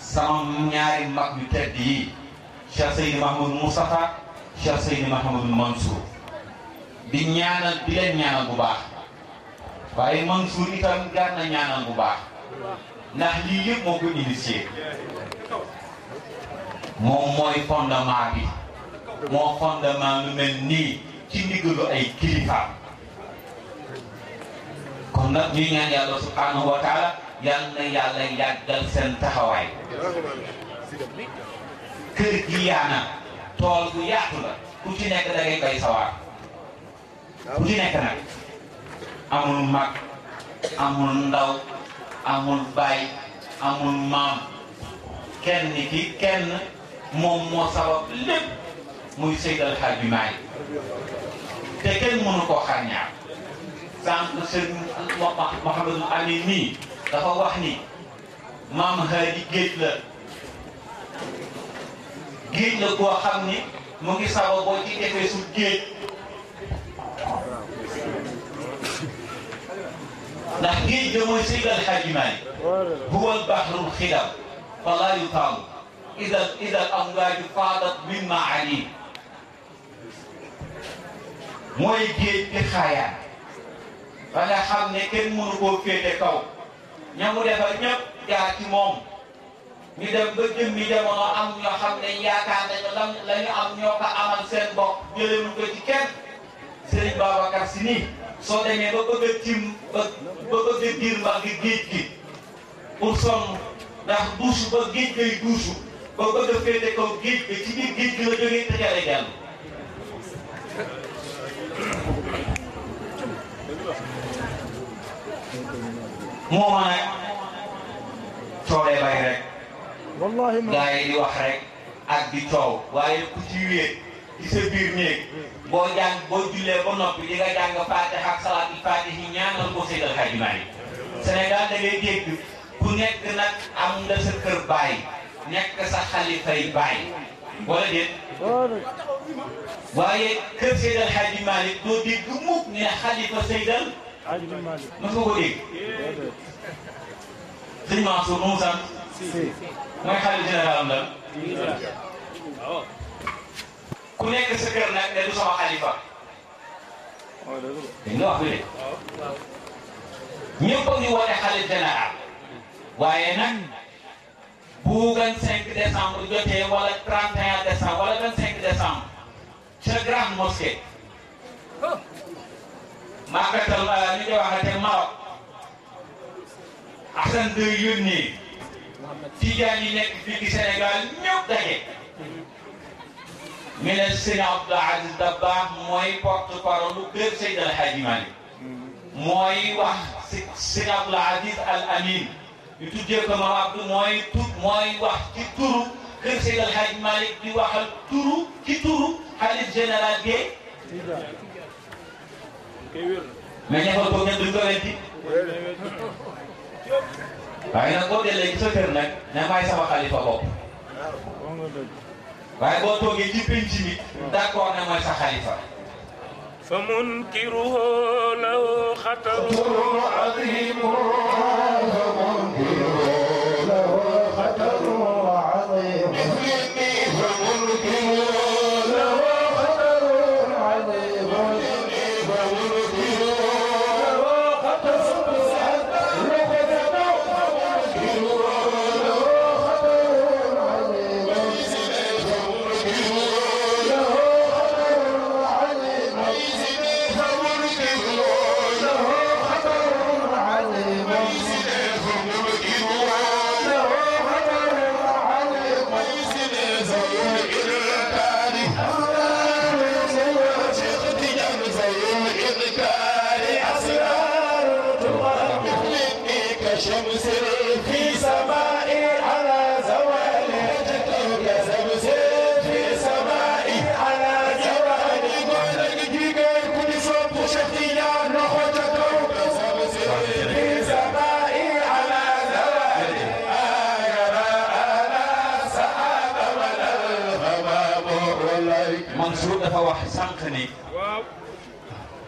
sama ñaari mag yu tedd yi Cheikh Seydi Mahamadou Moustapha Cheikh Seydi Mahamadou Mansour di ñaanal di leen ñaanal bu baax waaye Mansour itam gàr na ñaanal bu baax ndax lii yëpp moo ko initié moom mooy fondement bi moo fondement lu mel nii ci ndigalu ay kilifa kon nag ñuy ñaan yàlla subhanahu wa taala yal yàlla yàggal seen taxawaay kër gi yaana tool bu yaatu la ku ci nekk da ngay bay sawar ku ci nekk nag amul mag amul ndaw amul baay amul maam kenn ki kenn moom moo sabab lépp muy Seydi El te kenn mënu koo xar sànq sëriñ Mouhamadou Amin nii dafa wax ni maam Hady géej la géej la koo xam ni mu ngi saba boo ci defee su géej ndax géej la mooy Seydi El Hadji Malick huwal bahrul xidam fala yutaamu ida ida amwaaju faadat min maani mooy géej di xaayaan ba xam ne kenn mënu koo féete kaw ña mu ñëpp jaar moom ñu dem ba jëmmi jamono am ñoo xam ne yaakaar nañu lam am ñoo ko amal seen bopp jëlenu ko ci kenn Serigne Babacar Sy nii soo demee ba bëgg a tiim ba ba bëgg a diir mbax gi géej gi pour sonn ndax duusu ba géej gay duusu ba bëgg a féete kaw géej gi ci biir gi la jógee moo ma nag coolee bay rek. wallaahi di wax rek ak di coow. waaye ku ci wéet ci sa biir néeg boo jàng boo jullee ba noppi di nga jàng Faatiha ak salaatul Faatihi yi ñaanal ko Seydal Hadji Malick Sénégal da ngay dégg ku nekk nag am nga sa kër baay nekk sa xalifay baay wala déet. waaye kër Seydal Hadji Malick doo dégg mukk ne xalifa Seydal. mën nga ko dégg. sëñ Mansour moom sant. mooy xale général am lan. ku nekk sa kër nag ne du sama xalifa. dañ nga wax bi de. ñëpp a ngi woote xale général. waaye nag bu 25 décembre jotee wala 31 décembre wala 25 décembre. ca grande mosquée. màggatal euh, li ñuy waxate Maroc Assane de yónnee tijaan yi nekk fii ci Sénégal ñëpp mi ne sëñ Abdou Aziz Dabakh mooy porte parole u kër Seydi El Hadji Malick mooy wax si sëñ Aziz Al Amin ñu tuddee ko ma Abdou mooy turu kër Seydi El Hadji Malick di waxal turu ci turu xalif général bi mais ñaxal ko kenn duñ ko weddi waaye nag boo dellee ci sa kër nag ne maay sama xalifa bopp waaye boo toogee ci penc mi sa xalifa fa munkiruhu lahu xatarun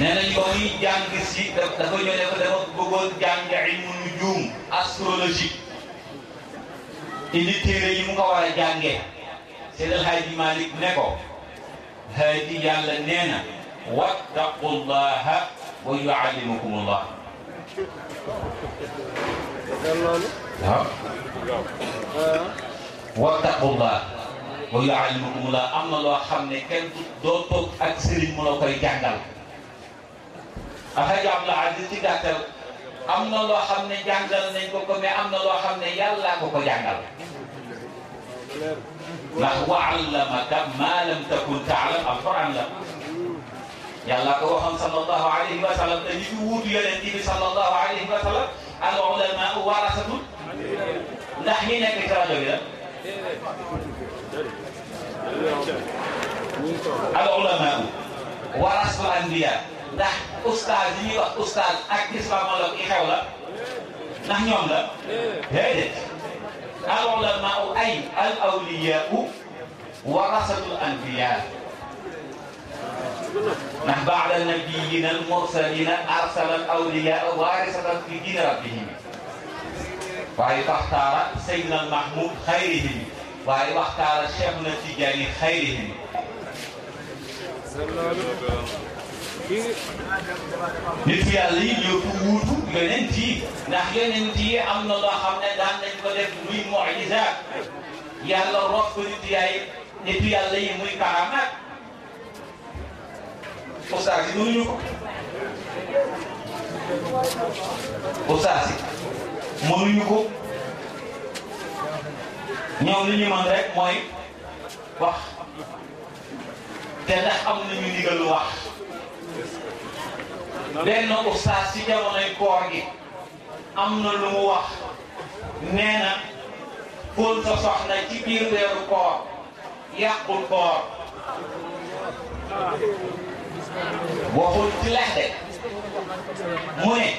nee nañ ba muy jàng si dafa ñëw ne ko dafa bëggoon jàng ilmu nujum astrologique indi yi mu ko war a jàngee Seydi El Hadji ne ko haadi yàlla nee na wattaqullaha wa yuallimukumullah waaw wattaqullah wa yuallimukumullah am na loo xam ne kenn doo toog ak sëriñ mu la koy jàngal alxaji abdul aziz ci gàttal am na loo xam ne jàngal nañ ko ko mais am na loo xam ne yàllaa ko ko jàngal ndax wa allamaka ma lam takun taalam alquran la yàllaa ko waxoon sallallahu alayhi wa sallam te ñi fi wuutu yonent bi sallallahu alayhi wa sallam al ulama warasatu ndax ñi nekk ci rajo bi la al ulama warasul anbiya ndax ustaas yi ñuy wax ustaas ak islam la ko i xew la ndax ñoom la déedéet al ulamaa ay al awliyaa warasatul anbiyaa ndax baada nabiyina al mursalina arsala al awliyaa warisatan fi diini rabbihim waaye waxtaara Seydina al Mahmoud xayrihim waaye waxtaara Cheikh na Tijaani xayrihim nit yàlla yi ñoo ko wuutu yonent yi ndax yonent yi am na loo xam ne daan nañ ko def muy mujiza yàlla rob ko nit yaay nit yàlla yi muy karamaat ustaas yi mënuñu ko ustaas yi mënuñu ko ñoom li ñu mën rek mooy wax te ndax am nañu ndigalu wax benn ustaas ci jamonoy koor gi am na lu wax nee na fóon sa soxna ci biir weeru koor yàqul koor waxul ci lex mu ne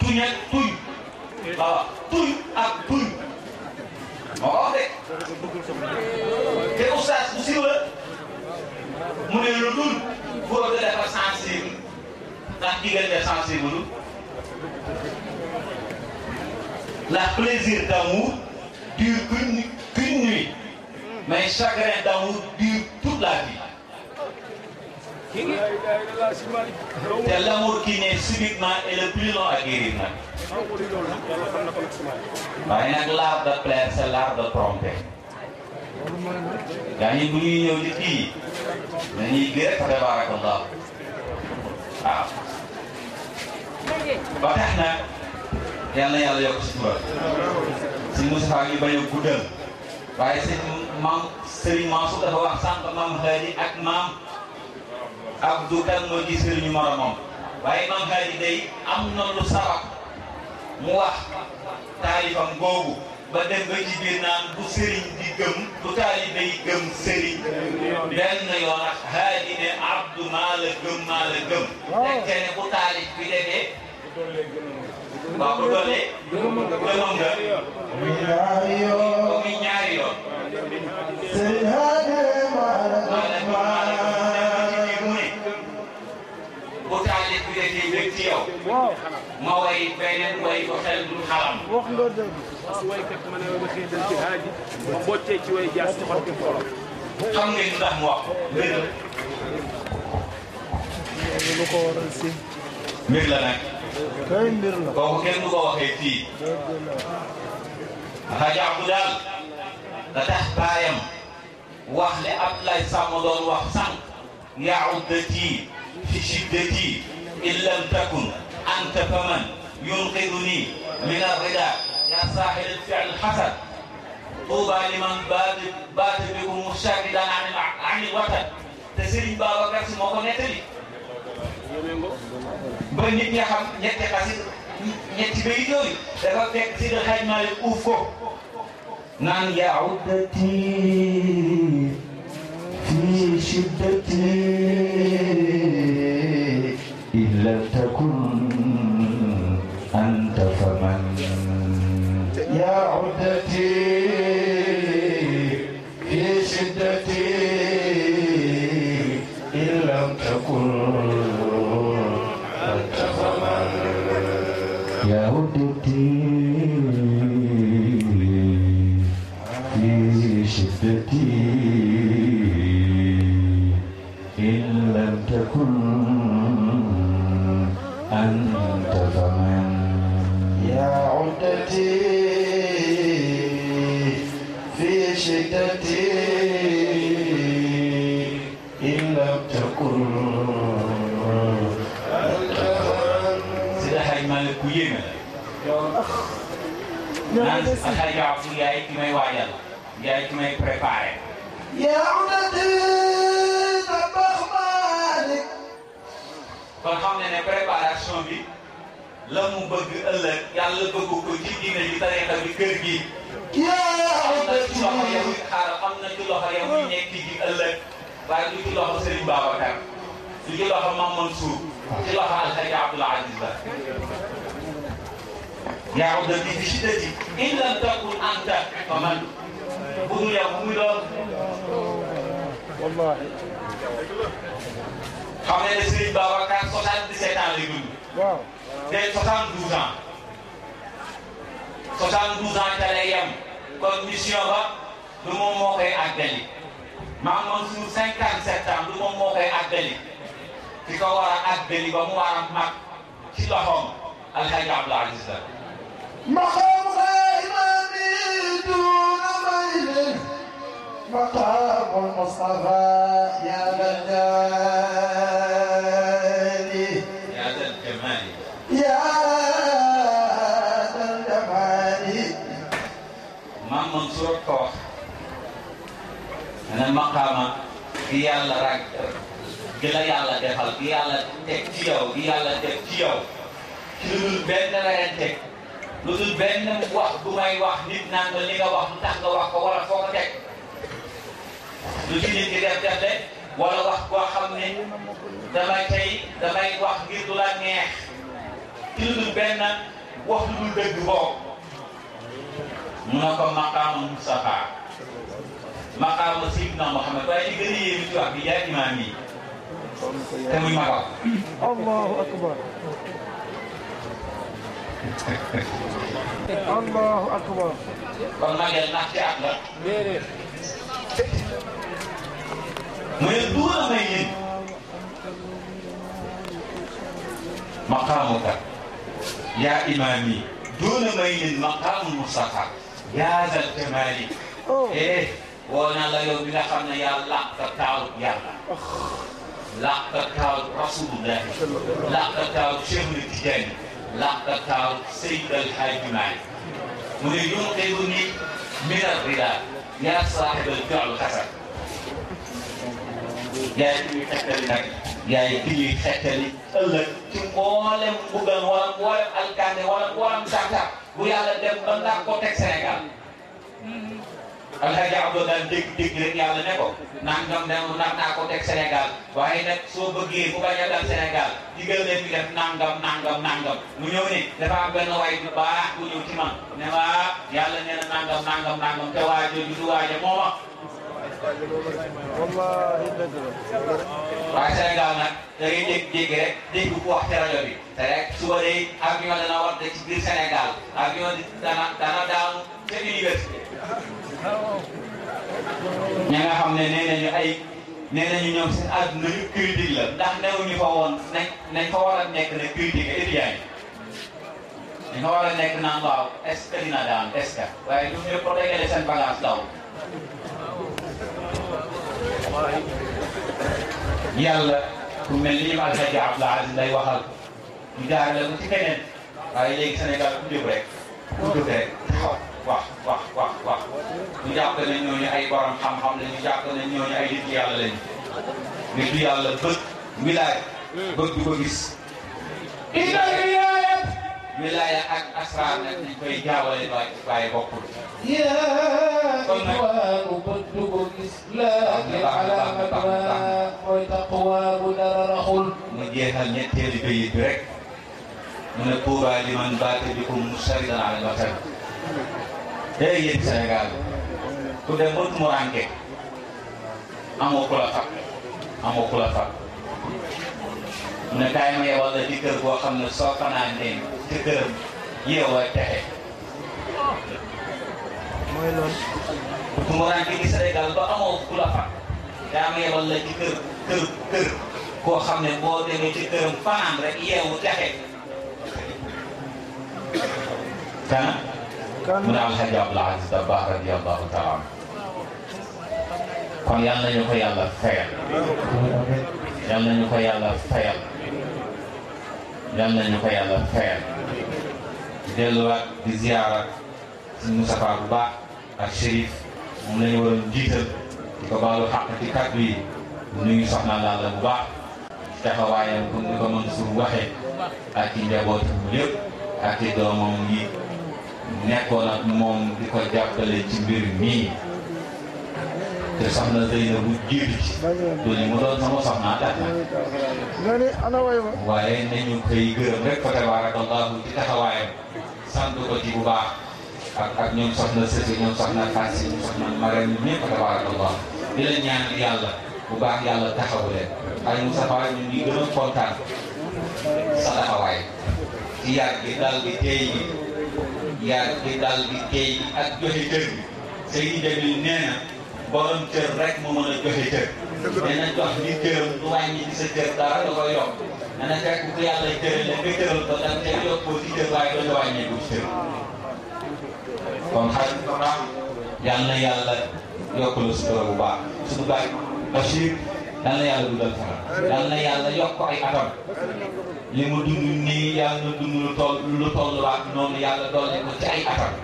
tuñ ak tuñ ak tuñ moo de te ustaas bu siiw la mu ne lu dul góor ga dafa sensible ndax jigéen ña sensible lu la plaisir d'amour dure qu'une qu'une nuit mais chagrin d'amour dure toute la vie. te l'amour qui naît subitement est le plus long à guérir nag. waaye nag l'art de plaire c'est l'art de tromper. gaa ñi bu ñuy ñëw di kii dañuy gër fa tabarakallah waaw ba tax na yal na yàlla yokk sutura si Moussa ñu bañ a guddal waaye sëñ maam Serigne Mansour dafa wax sànq maam Xaadi ak maam Abdou kan moo gis sëriñu moromam waaye maam Xaadi day am na lu sabab mu wax taalifam googu ba dem ba ci biir naan bu sëriñ di gëm bu taalibe yi gëm sëriñ benn yoon ak haadi abdu maa la gëm maa la gëm te ne bu taalib bi defee waaw bu doolee gëmoon nga ñaari yoon ñaari yi rek ci yow. ma way beneen way ba xel du xalam. wax nga dëgg. parce que waykat ma ne waxee dañ ci haaji. ma boccee ci way jaar ci xol bi xolam. xam nga ndax mu wax mbir la. lu ko waral si. mbir la nag. kay mbir la. kooku kenn du ko waxee fii. Hadj Abdou daal. da tax baayam. wax le Abdoulaye Samb doon wax sànq. yaa uddati fi shiddati إن لم تكن أنت فمن ينقذني من الرداء يا صاحب الفعل الحسن طوبى لمن بات بكم مشاكدا عن عن الوطن te Serigne Babacar Si moo ko nettali ba nit ñi xam ñetti xasit ñetti béy yooyu dafa fekk si de xaj Maalik uuf ko naan yaa uddati fi shiddati لم تكن أنت فمن يا عدتي naan Alxaaj Yaafur yaay ki may waajal yaay ki may préparé. kon xam ne ne préparation bi. la mu bëgg ëllëg yàlla bëgg ko ci diine ji tarixa bi kër gi. am na ci loxo yow xaar am na ci loxo yow ñu nekk ji ëllëg waaye du ci loxo Serigne Babacar du ci loxo Mame Mansour ci loxo Alxaji Abdoul Aziz la. yaa ngi doon di si dëkk. in lam anta fa man bu dul yow bu muy doon. wallaahi. xam nga ne Serigne Babacar 77 ans la dund. waaw. day 72 ans 72 ans ca lay yem kon mission ba du moom moo koy àggali Mame Mansour 57 ans du moom moo koy àggali ki ko war a àggali ba mu war a mag ci loxoom Alhaji Abdou Aziz la. maqaam xaymami duuna maylin maqaamul Mustafa yaa maam Mansour ko wax ne maqaama gi yàlla rag gi la yàlla defal gi yàlla teg ci gi yàlla teg ci yow lu dul benn rayante lu dul benn wax bu may wax nit naan ko li nga wax ndax nga wax ko wala foo ko lu ci nit di def def de wala wax koo xam ne damay tey damay wax ngir du la neex ci lu dul benn wax lu dul dëgg boobu mu ne ko maqaama Moustapha maqaama Seydina Mouhamed waaye li gën a yéeme ci wax bi yaa imaam yi te muy magam. allahu akbar. allahu akbar. kon magal nax ci at la. déedéet. mu ne duura may yéen. maqaamu kat yaa imaam yi duura may yéen maqaamu Moustapha yaa zal jamaali oh. eh woo naa la yow mi nga xam ne yaa làq ka taaru yàlla ah. làq ka taaru rasulullah làq ka taaru Cheikhul Tijaani làq ka taaru Seydi El Hadji Maalik mu ne yunqiduni min ar-ridaa yaa saahibal fi'l hasan yaay ki ñuy xettali nag yaay ki ñuy xettali ëllëg ci mboolem mbugal wala mboolem alkande wala mboolem tàkkaar bu yàlla dem ba ndax ko teg Sénégal alxaaji Abdou daal dégg dégg rek yàlla ne ko nangam dem ndax ko teg Sénégal waaye nag soo bëggee bu bañ a dal Sénégal digal leen ñu def nangam nangam nangam mu ñëw ne dafa benn waay bu bu ñëw ci ne ma yàlla nee nangam nangam nangam te waajo ju du waaja waaye Sénégal nag da ngay dégg-dégg rek dégg ku wax ci rajo bi te rek suba war ci biir Sénégal avion dana dana daanu ca université. ña nga xam ne nee nañu ay nee nañu ñoom seen àdduna yu critique la ndax newuñu fa woon nañ nañ a nekk ne critique étudiant yi dañ fa war a nekk naan waaw est dina daan est-ce que waaye ñoom ñëpp ba tey yàlla ku mel ni ñoom Alxaaji Abdoul Aziz lay waxal ñu jaarale ko ci keneen waaye léegi Sénégal ku jóg rek ku jóg rek taxaw wax wax wax wax ñu jàpp ne ñooñu ay borom xam-xam la ñu jàpp ne ñooñu ay nit yàlla lañu nit yàlla bëgg wilaay bëgg du ko gis. wilaaya ak asraar nag dañ koy jaawale waaye waaye bokkul. kon nag mu jeexal ñetteelu bayit bi rek mu ne Tuubaa liman baata bikum musharidan ala al-watan. day yéen Sénégal ku dem ba Tumurànke amoo ku la fàq amoo ku la fàq. mu ne kaay ma yeewal la ci kër boo xam ne soo fanaan leen ci këram yeewoo texe mooy loolu tumuraan ki ci Sénégal ba amoo ku la fa daa ma yeewal la ci kër kër kër koo xam ne boo demee ci këram fanaan rek yeewu texe kana mu ne alxaji Abdul Aziz Dabakh radiyallahu taala anhu kon yal nañu ko yàlla fayal yal nañu ko yàlla fayal yal nañu ko yàlla fayal delluwaat di ziyaara si Moustapha bu baax ak Chérif moom lañu waroon jiital di ko baalu xàq ci kàddu yi ñu ngi soxna Lalla bu baax taxawaayam comme ni ko Mansour waxee ak ci njabootam yëpp ak ci doomam yi nekkoon ak moom di ko jàppale ci mbir mii te soxna Zeynabu jiitu ci. loolu mu doon sama soxnaa tax na. waaye nañu koy gërëm rek fa tabaarakallaahu ci taxawaayam. sant ko bu baax. ak ak ñoom soxna Sëti ñoom soxna Fassi ñoom soxna Marème ñun ñëpp fa tabaarakallaahu di la ñaanal bu baax yàlla taxawu leen. ay Moustapha ñu ngi gën a kontaan. sa taxawaay. ci yar dal gi tey gi. yar gi dal gi tey ak joxe cër gi. Seydou Deme nee borom cër rek mu mën a joxe cër. dana jox li cëram du wàññi ci sa cër dara da koy yokk. dana fekk ku yàlla nga ko da nga cay yokkoo ci cër waaye doo wàññeeku ci cër. kon xarit Fapal yal na yàlla yokk la sutura bu baax suñu baay Bachir yal na yàlla dundal faram yal lu toll lu toll waat noonu yàlla dolli ko ci ay atam.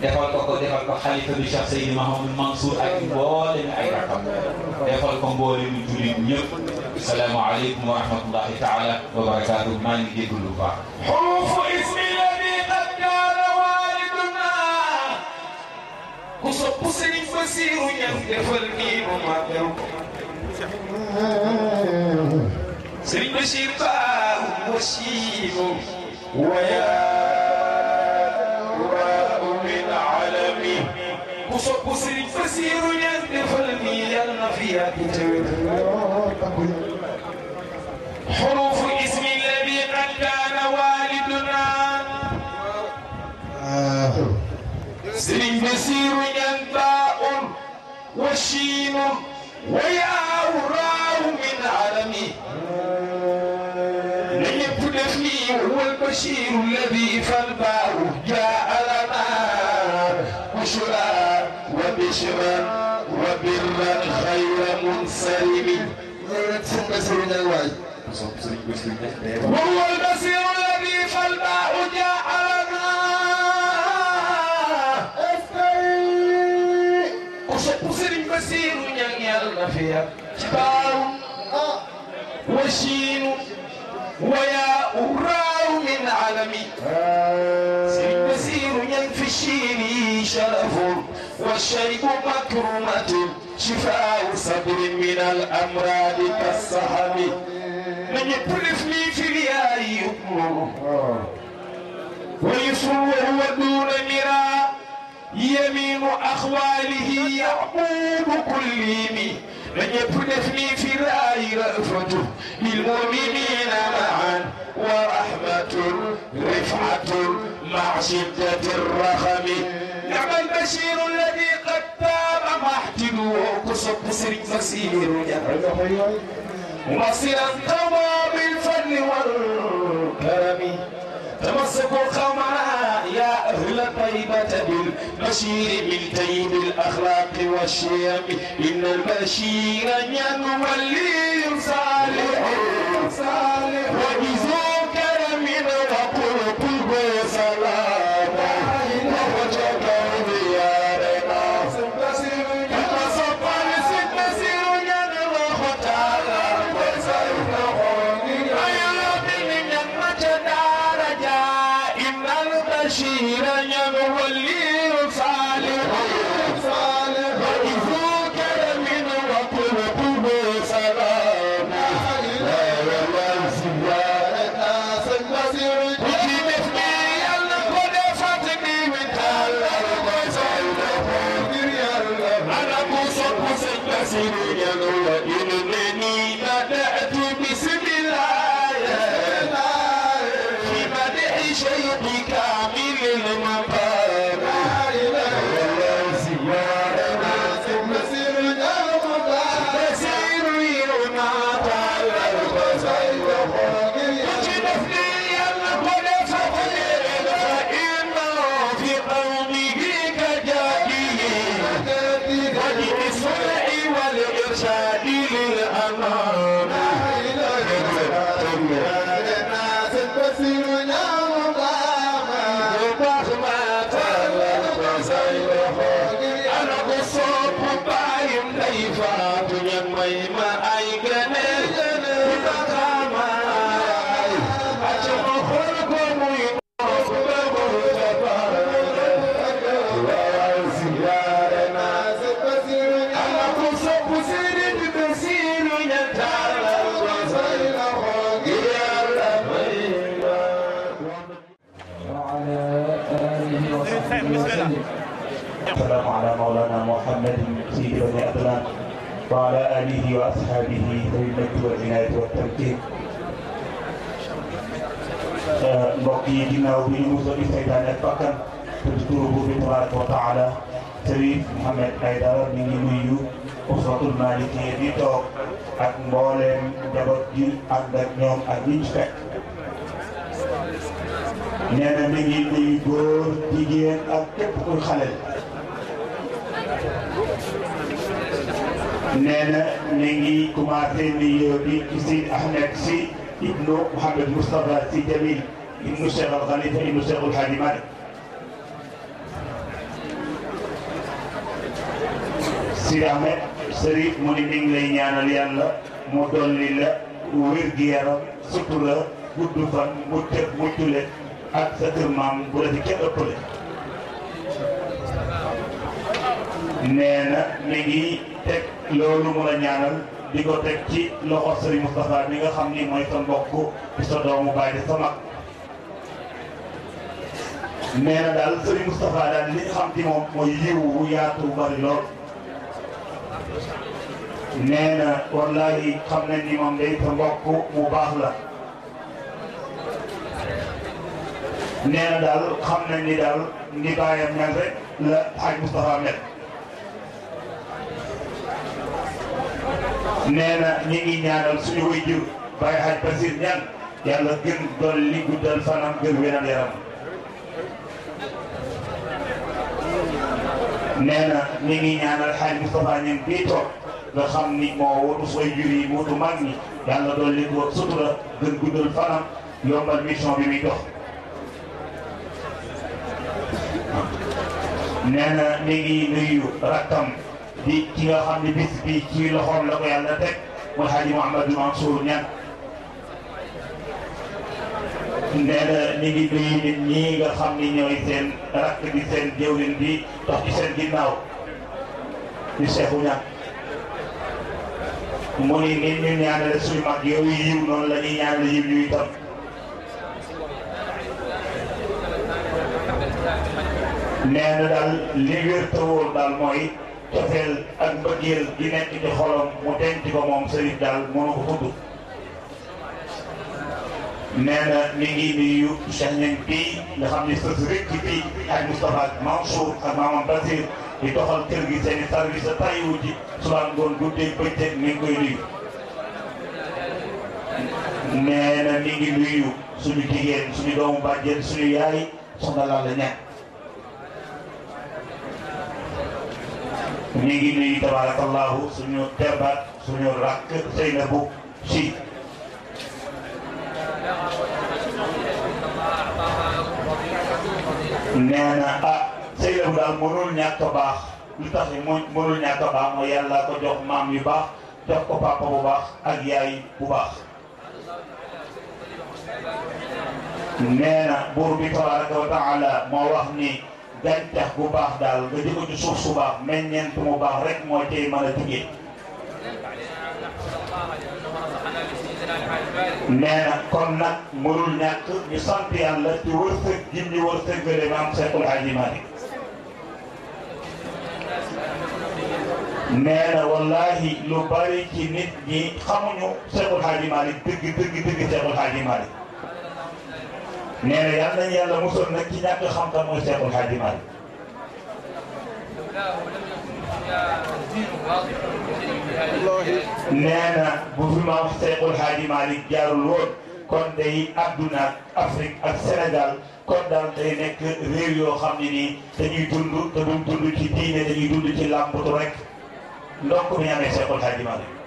defal ko ko defal ko xalifa bi Cheikh Seydi Mahamadou Mansour ak mboolem ay rakam defal ko mboolem jullit ñëpp salaamaaleykum wa rahmatullahi taala wa barakaatu maa ngi déglu lu baax. xurufu ismi ladi qad kaana waaliduna ku sopp Sëriñ Basiru ñam defal nii bu ma tew. Sëriñ Basiru baaxul wasiiru wa yaa sopp sëriñ Basiiru Ñas defal mi yàlla na fi yaa di tëwét xurufu ismi labi qad kaana waaliduna sëriñ Basiiru Ñas baaun wa shiinun wa yaaw raaw min alami la ñëpp def nii wal Basiiru labi fal baaru jaa ala العشرة وبرا خير منسلم وهو البصير الذي فالباء جاء لنا وسرين بصير ينال فيها باء وشين ويا راو من عالمي سرين بصير ينفشيني شرف والشرب مكرمة شفاء صبر من الأمراض كالصحم من يتلف لي في الياء يؤمر ويصور ودون مراء يمين أخواله يعقوب كل يمين وجب دفني في الرأي رأفة للمؤمنين معا ورحمة رفعة مع شدة الرخم نعم البشير الذي قد تاب محتم وقصد سري مسير مصيرا قوى بالفن والكرم تمسكوا الخمر يا أهل الطيبة بالفن البشير من طيب الأخلاق والشيم إن البشير ينولي صالح صالح السلام على مولانا محمد سيد بني أدنان وعلى آله وأصحابه النجد والعناية والتمكين mbokk yi ginnaaw bi ñu musal seytaane ak bakkan te turu buur bi tabaraka wa taala Serigne Mouhamed Aidara mi ngi nuyu usratul malikiya bi toog ak mbooleem njaboot gi ànd ak ñoom ak ñi ñu fekk nee na mi ngi nuyu góor jigéen ak képp kuy xale. nee na mi ngi commencé nuyoo bi ci Sidi Ahmed si ibnu Mouhamed Moustapha si Jamil ibnu Cheikh Al Khalifa ibnu Cheikh Al Hadi Malick Ahmed Serif mu ni mi ngi lay ñaanal yàlla mu dolli la wér-gu-yaram sutura gudd mu tëb mu jullit ak sa kër maam bu la ci kenn ëppale nee na mi ngi teg loolu mu la ñaanal di ko teg ci loxo Serigne Moustapha mi nga xam ni mooy sa mbokk di sa doomu baay di sa daal Serigne Moustapha daal li xam ci moom mooy yiw wu yaatu bari lool nee na xam nañ ni moom day sa mu baax la nee na daal xam nañ ni daal ni bàyyam mel rek la Hadj Moustapha mel. nee na ñu ngi ñaanal suñu way jur Baye Hadj Basir ñaan yàlla gën dool li guddal fanam gën wéral yaram. nee na ñu ngi ñaanal Hadj Moustapha ñoom bii toog nga xam ni moo wutu sooy jur yi wutu mag ñi yàlla dool li ko sutura gën guddal fanam yombal mission bi muy dox. nee na mi ngi nuyu rakkam di ki nga xam ne bis bi ci loxoom la ko yàlla teg mooy Hadji Mouhamadou Mansour Niang nee na mi ngi nuyu nit ñi nga xam ni ñooy seen rakk di seen jëwrin bi dox ci seen ginnaaw di Cheikhou Niang mu ni nit ñu ñaanale suñu mag yooyu yiw noonu la ñuy ñaanale yiw yu itam nee na daal li wér te wóor daal mooy cofeel ak mbëggeel gi nekk ci xolam mu denc ko moom sëriñ daal mënu ko fudd nee na mi ngi nuyu suñu jigéen suñu doomu bàjjen suñu yaay soxna Lalla Niang ñu ngi nuyu tabarakallahu na ah Seynabu daal mënul baax lu tax yi mooy mënul ñàkk a baax baax jox ko papa bu baax ak yaay bu baax nee na bi tabaraka wa taala moo gàncax bu baax daal su baax meññeent mu baax rek moo cay mën a tijjee nee na kon nag mënul ñàkk ñu sant yàlla ci wërsëg gi ñu wërsëgale maam Seexul Hajji lu bari nit ñi xamuñu Seexul Hajji Maalik dëgg dëgg dëgg nee na yàlla nañu yàlla mosoon nag ci ñàkk xam-xam kon day àdduna Afrique ak Sénégal kon daal day nekk yoo xam ne nii dañuy dund te duñ dund ci diine dañuy dund ci làmbatu rek ndokk mi amee Seexul Xaaji Maalik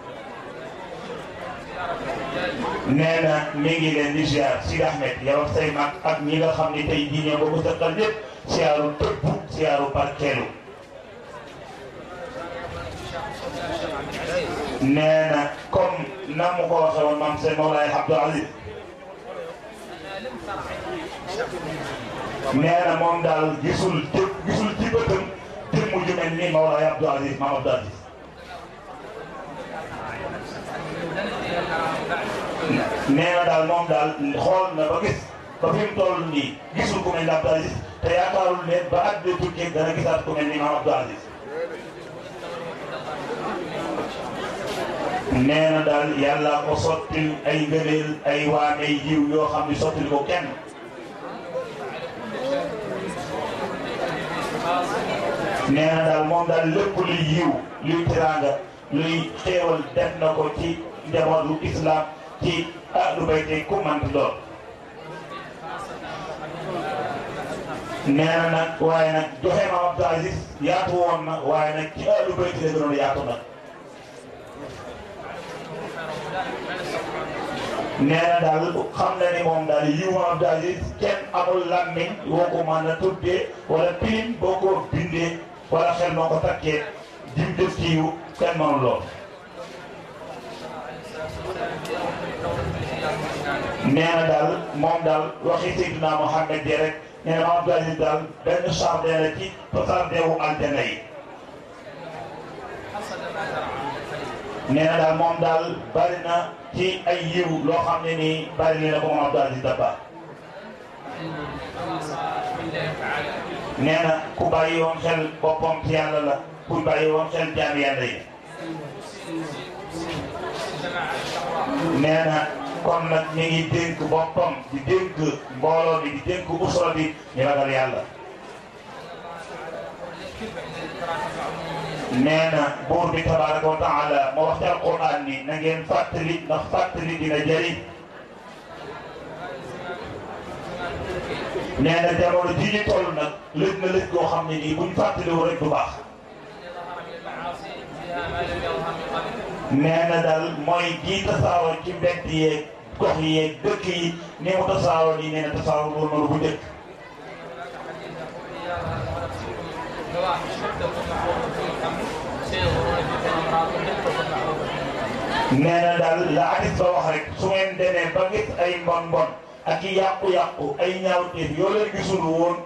nee na mi ngi leen di ziar Sidi Ahmed yow ak say mag ak ñi nga xam ne tey jii ñoo ko tëkkal ñëpp ziaru tëbb ziaru barkeelu. nee na comme na mu ko waxee woon maam seen Mawlaay Abdou Aziz. nee na moom daal gisul gisul ci bëtam jëmm ju mel ni Mawlaay Abdou Aziz maam Abdou Aziz. nee na daal moom daal xool na ba gis ba fi mu toll gisul ku mel ni Abdou Aziz te yaakaarul daal yàlla ko sottil ay ngëneel ay waan ay jiw yoo xam ne sottil ko kenn. nee daal moom daal lépp yiw luy tiraanga. luy xéewal def na ko ci njabootu islam ci ahlu bayti ku manti doon nee nag waaye nag joxe maam Abdou Aziz yaatu woon na waaye nag ci ahlu bayti la gënoon yaatu nag nee na daal xam na ni moom daal yiw maam Abdou Aziz kenn amul làmmiñ woo ko mën a wala pilim boo bindee wala xel moo ko takkee dig def ci kenn lool nee daal moom daal waxi Seydina Mouhamed de rek nee na Abdou Aziz benn sardin la ci sardin wu aljanna yi nee daal moom daal bari na ci ay yiw loo xam ne nii bari na la ko moom Abdou Aziz Dabakh nee na ku bàyyi woon xel boppam ci yàlla la pour bàyyi woon seen jaam yàlla yi nee na kon nag mi ngi dénk boppam di dénk mbooloo di dénk usra bi ñu ragal yàlla nee na buur bi tabaraka wa taala moo wax ci alquran ni na ngeen fàttali ndax fàttali dina jëriñ nee na jamono ji ñu na lëj goo xam ne nii buñ fàttaliwu rek du nee na daal mooy di tasaaroo ci mbedd yeeg gox yeeg ni mu tasaaroo di nee na tasaaroo bu noonu bu njëkk. nee na wax rek su ngeen demee ba ay mbon mbon ak i yàqu ay ñaawteef yoo leen gisul woon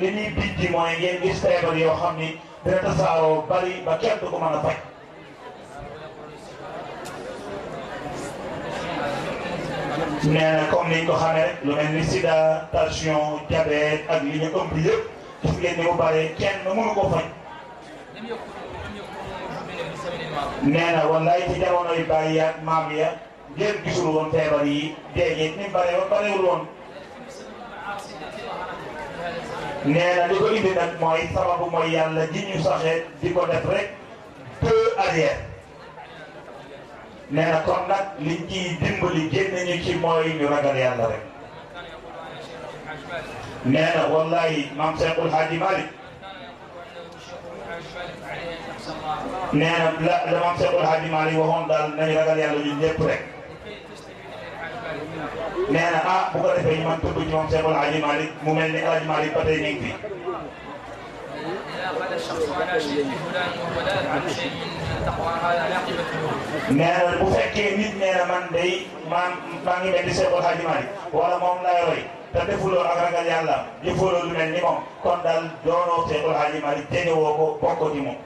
li ñuy bijji mooy ngeen gis feebar yoo xam day tasaaroo bari ba kenn du ko mën a faj nee na ni ko xamee lu mel ni sida tension ak li ñu ëmb yëpp gis ngeen ni bu bëree kenn mënu ko faj nee na ci jamono yu bàyyi yaag maam ya ngeen gisul woon feebar yi déegee ni mu bëree ba woon nee na li ko indi nag mooy sababu mooy yàlla ji ñu saxee di ko def rek peu arrière nee na kon nag liñ ciy dimbali génn ñu ci mooy ñu ragal yàlla rek. nee na ah bu ko man tudd ñoom Cheikh El Hadj Malick mu mel ni El ba tey mi fi. nee bu fekkee nit nee man day maa maa ngi mel ni Cheikh El moom lay roy te defuloo ak ragal yàlla jëfuloo lu mel ni moom kon daal doonoo Cheikh El Hadj Malick jege woo ko moom.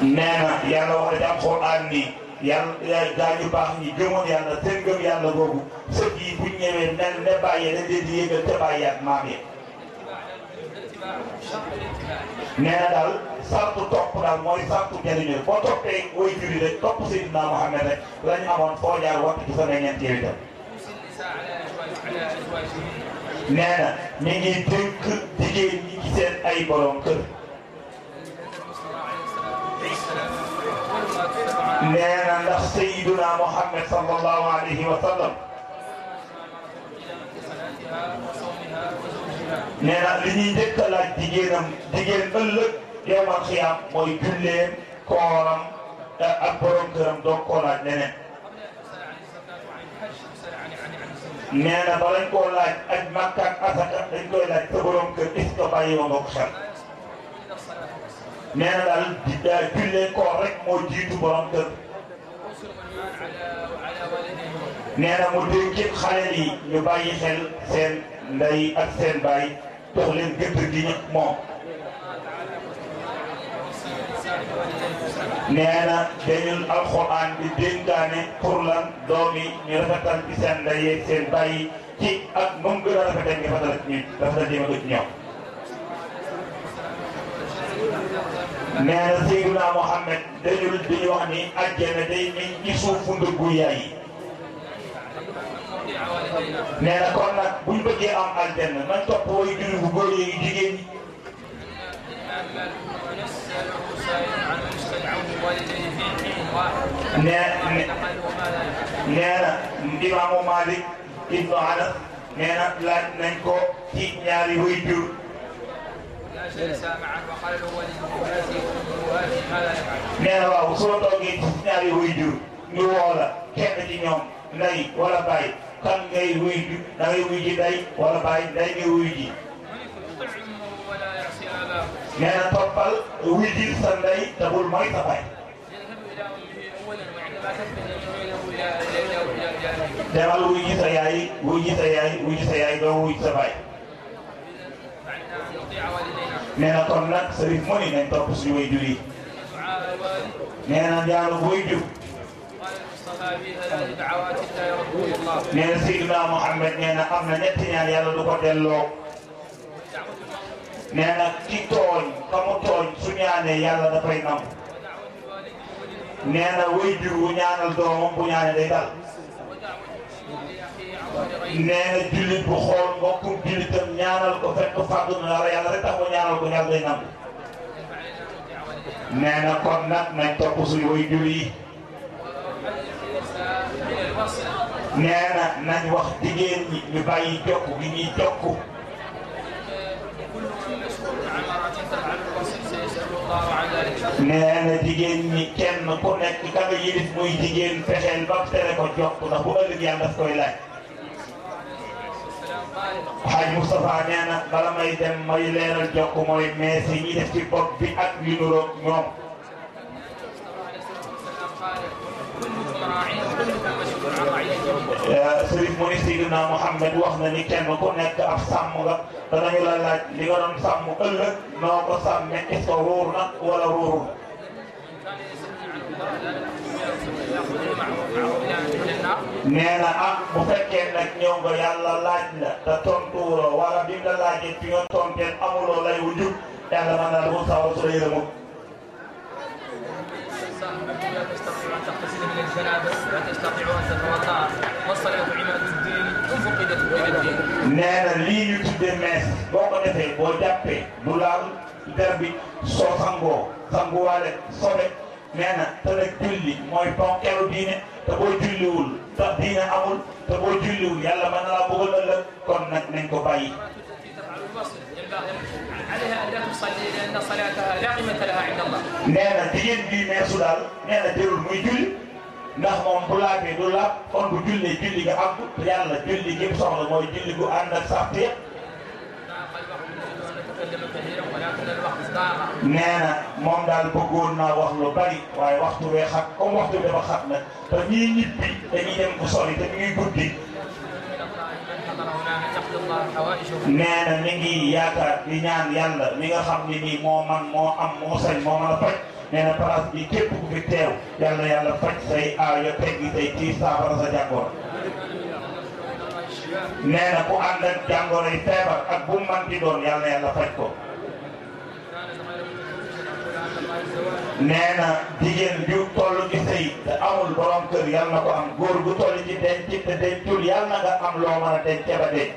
nee na yàlla wax na ci alxuraan ni yàlla daañu baax ñi gëmoon yàlla te gëm yàlla boobu sëb yi buñ ñëwee mel ne bàyyee dañ leen di yëgal te bàyyi ak maam yi nee sartu topp daal mooy sartu jëriñoo boo toppee way juri rek topp Seydina Mohamed rek la ñu amoon foo jaar waxtu ci sa meññeent yow itam nee na mi ngi dénk jigéen ñi ci seen ay borom nee na ndax Seydina Muhammad sallallahu alayhi wa sallam nee na li ñuy njëkk a laaj jigéenam jigéen ëllëg yowmal xiyaam mooy julleem kooram eh, ak borom këram doog koo laaj leneen. nee na ba lañ koo laaj ak Makka ak asaka dañ koy laaj sa borom kër is ko bàyyi woon nga ko xel. nee daal di rek moo jiitu borom kër. nee na mu dénk xale yi ñu bàyyi xel seen ndey ak seen baay jox leen gi ñëpp moom. nee na dañu alxuraan bi dénkaane pour lan doom ñu rafetal ci seen ndey seen baay ci ak moom gën a rafetal nga rafetal ak ñun rafetal jéem a nee na Seydina Mohamed dañu dañu wax ni àjjana day nañ ci suufu ndëggu yaay yi nee na kon nag buñ bëggee am àjjana nañ topp way julli bu góor yi jigéen ñi nee nee na imaamu Malik ibnu Anas nee na laaj ko ci nee na waaw su ma toogee ci ñaari waajur ñu woo la kenn ci ñoom ndey wala baay kan ngay wuy ji da ngay wuy ji ndey wala baay ndey ngay wuy ji. nee na toppal wuy ji sa ndey te bul mooy sa baay. demal wuy ji sa yaay wuy ji sa yaay wuy ji sa yaay doo wuy ji sa baay. nee na kon nag sëriñ nañ topp suñu way jur yi nee na njaaru way jur nee na Seydina Muhammad nee na am na ñetti ñaan yàlla du ko delloo nee na ki tooñ su ñaanee yàlla dafay nam nee na way jur wu ñaanal doomam bu ñaanee nee na jullit bu xool mbokkum jullitam ñaanal ko fekk fàggu na la yàlla rek tax mu ñaanal ko ñaar day nangu nee na kon nag nañ topp suñu way jur yi nee na nañ wax jigéen ñi ñu bàyyi jokk gi ñuy jokk nee na jigéen ñi kenn ku nekk ka nga yilif muy jigéen fexeel ba tere ko jokk ndax bu ëllëg yàlla daf koy laaj Xaj Moustapha nee na bala may dem may leeral jokk mooy mees yi ñi def ci bopp bi mu ni Seydina Mouhamed wax na ni kenn ku nekk wala ruurul. Ah, bu fekkee nag ñëw nga yàlla laaj la te tontuwuloo wala bi nga laajee fi nga tontee amuloo lay wu jub yàlla mën naa la ko saawa su la yërëmu nee na lii ñu tuddee mees boo ko defee boo jàppee du laal der bi soo sangoo sanguwaale sobe nee na te julli mooy ponkeelu diine te boo julliwul sax diine amul te boo julliwul yàlla mën na laa bëggal ëllëg kon nag nañ ko bàyyi. nee na jigéen bii meesu daal nee na jërul muy julli ndax moom bu laabee du laab kon bu jullee julli ga àgg yàlla julli gi soxla mooy julli gu ànd ak sax nee na moom daal bëggoon naa wax lu bari waaye waxtu wee xat comme waxtu bi dafa xat nag te ñii nit bi dañuy dem ko sori te ñuy guddi. nee na ngi yaakaar di ñaan yàlla mi nga xam ne nii moo man moo am moo sañ moo faj nee na bi képp fi teew yàlla yàlla faj say aajo teggi say tiis saafara sa jàngoro. nee ku ànd ak jàngoro yi feebar ak bu mu mën doon yàlla yàlla faj ko. nee na jigéen ju toll ci sëy te amul borom kër yal na ko am góor gu toll ci denc te dencul yal na nga am loo mën a denc ba denc.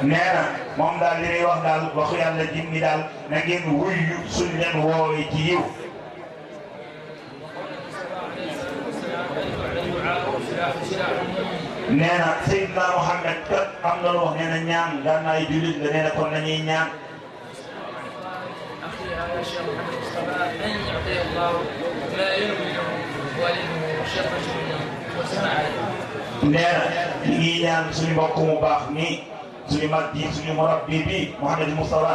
nee moom daal li muy daal waxu yàlla jim ni daal na ngeen wuyu suñ leen woowee ci yiw. nee na Seydina Muhammad kat am na lu wax nee na ñaan gànnaay jullit la nee na kon nañuy ñaan. nee na li ngi ñaan suñu mbokk mu baax nii suñu mag ji suñu murabbi bi Mouhamed Moustapha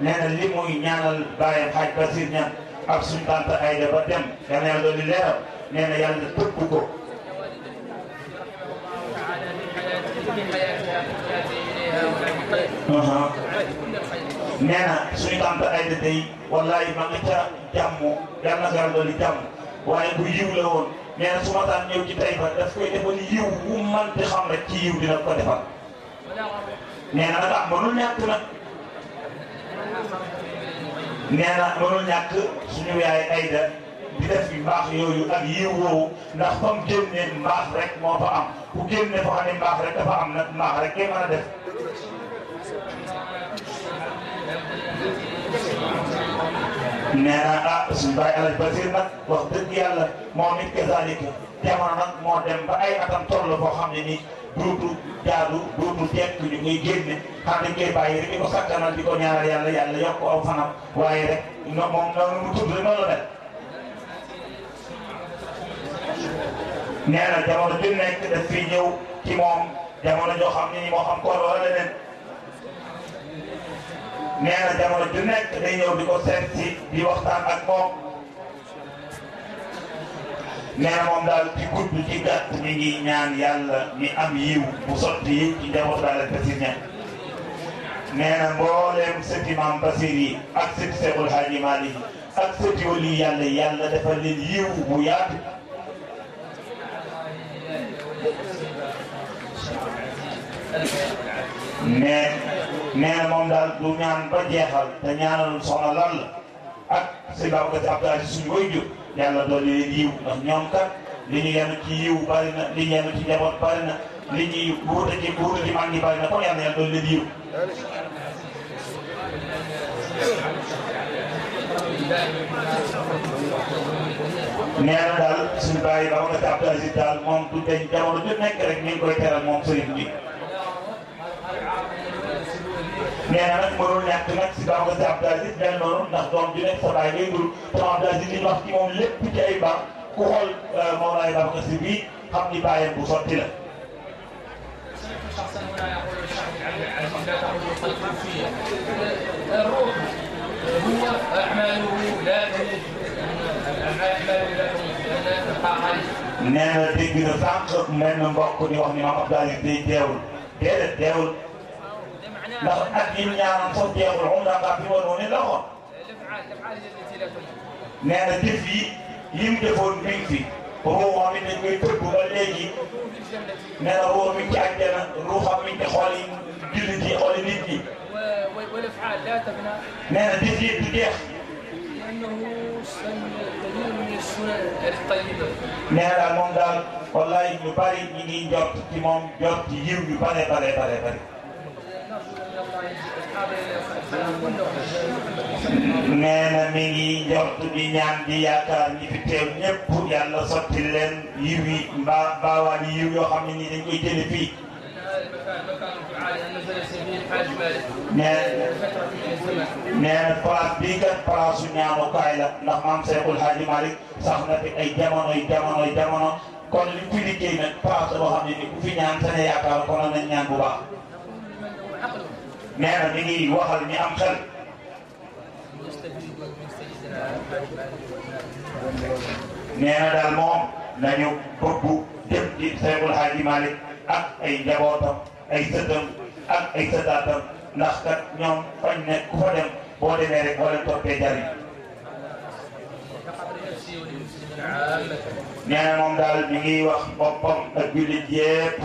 nee na li muy ñaanal bàyyam xaaj Basir ñaan ak suñu tante Ayda ba dem yal na yàlla dolli leeram nee na yàlla tëbb ko. Uh-huh. nee na suñu tànta ay da day ca jàmm yal na yàlla dooli jàmm waaye bu yiw la woon nee na su ma daan ñëw ci Taïba daf koy defal yiw wu man di xam rek ci yiw dina ko defal nee na nag ah mënul ñàkk nag nee na mënul ñàkk suñu yaay Ayda di def yu mbaax yooyu ak yiw woowu ndax fa mu génnee mbaax rek moo fa am ku génne foo xam ne mbaax rek dafa am nag mbaax rek ngay mën a def. nee naa ah suñu bàyyi Alaaji Basiir nag wax dëgg yàlla moom it kazaalika jamono nag moo dem ba ay atam toll boo xam ne nii duutu jaadu duutu jekk ñu koy génne xam dañ koy bàyyi rek di ko sakkanal di ko ñaanal yàlla yàlla yokk aw fanam waaye rek moom noonu mu tudd rek noonu la mel. nee na jamono ju nekk daf fiy ñëw ci moom jamono joo xam ni moo xam koor wala leneen nee na jamono ju ñëw di ko seet si di waxtaan ak moom nee moom daal ci gudd ci gàtt mi ngi ñaan yàlla mi am yiw bu sotti yiw ci njaboot daal ak Basir ña nee na mbooleem sëti maam Basir yi ak sëti Seexul Haaji Maalik ak sëti wali yàlla yàlla defal leen yiw bu yaatu nee nee na moom daal du ñaan ba jeexal te ñaanal soxna lan la ak sëñ Babacar Abdoulaye suñu koy jóg yàlla doole leen yiw ndax ñoom kat li ñu yenu ci yiw bari na li ñu yenu ci njaboot bari na li ñuy wuute ci wuute ci mag ñi bari na kon yàlla yàlla doole leen yiw. nee na daal suñu bàyyi ba ma ko Abdou Aziz daal moom du deñ jamono ju nekk rek mi ngi koy teral moom sëriñ bi. nee na nag mënul ñàkk nag si baax nga si Abdou Aziz mel noonu ndax doom ju nekk sa bàyyi ngay dul te Abdou Aziz li ñu wax ci moom lépp ci ay baax ku xool euh, moom laay baax nga si bii xam ni bàyyam bu sotti la. هو أعماله لا nee na dégg na sànq menn mbokk di wax ni maam Abdoulaye day deewul déedéet deewul ndax ak yi ñaanam sax deewul umra nga fi woon woon la ko nee na jëf yi yi mu defoon mi ngi fi ruuxam mi dañ koy tëbb ba léegi nee na ruux mi ci àjjana ruuxam mi ci xool yi jullit yi xooli nit ñi nee na jëf yi du jeex nee na moom daal wallaay ñu bari ñu ngi jot ci moom jot ci yiw yu bare bare bare bare nee na mi ngi jot di ñaan di yaakaar ñi fi teew ñëpp yàlla sotti leen yiw yi mbaa baawaan yiw yoo xam ne nii dañ koy jële fii nee na place bii kat place su ñaanukaay la ndax maam Seexul Haaji Malik sax na fi ay jamonoy jamonoy jamono kon li fi liggéey nag place la boo xam ne ni ku fi ñaan seen yaakaar konoon nañ ñaan bu baax. nee na mi ngi waxal ñi am xel. nee na daal moom nañu bëgg dem ci Seexul Haaji Malik ak ay njabootam ay sëddam ak ay sëddaatam ndax kat ñoom fañ nekk ku fa dem boo demee rek boo leen toppee jariñ nee na moom daal mi ngi wax boppam ak jullit yépp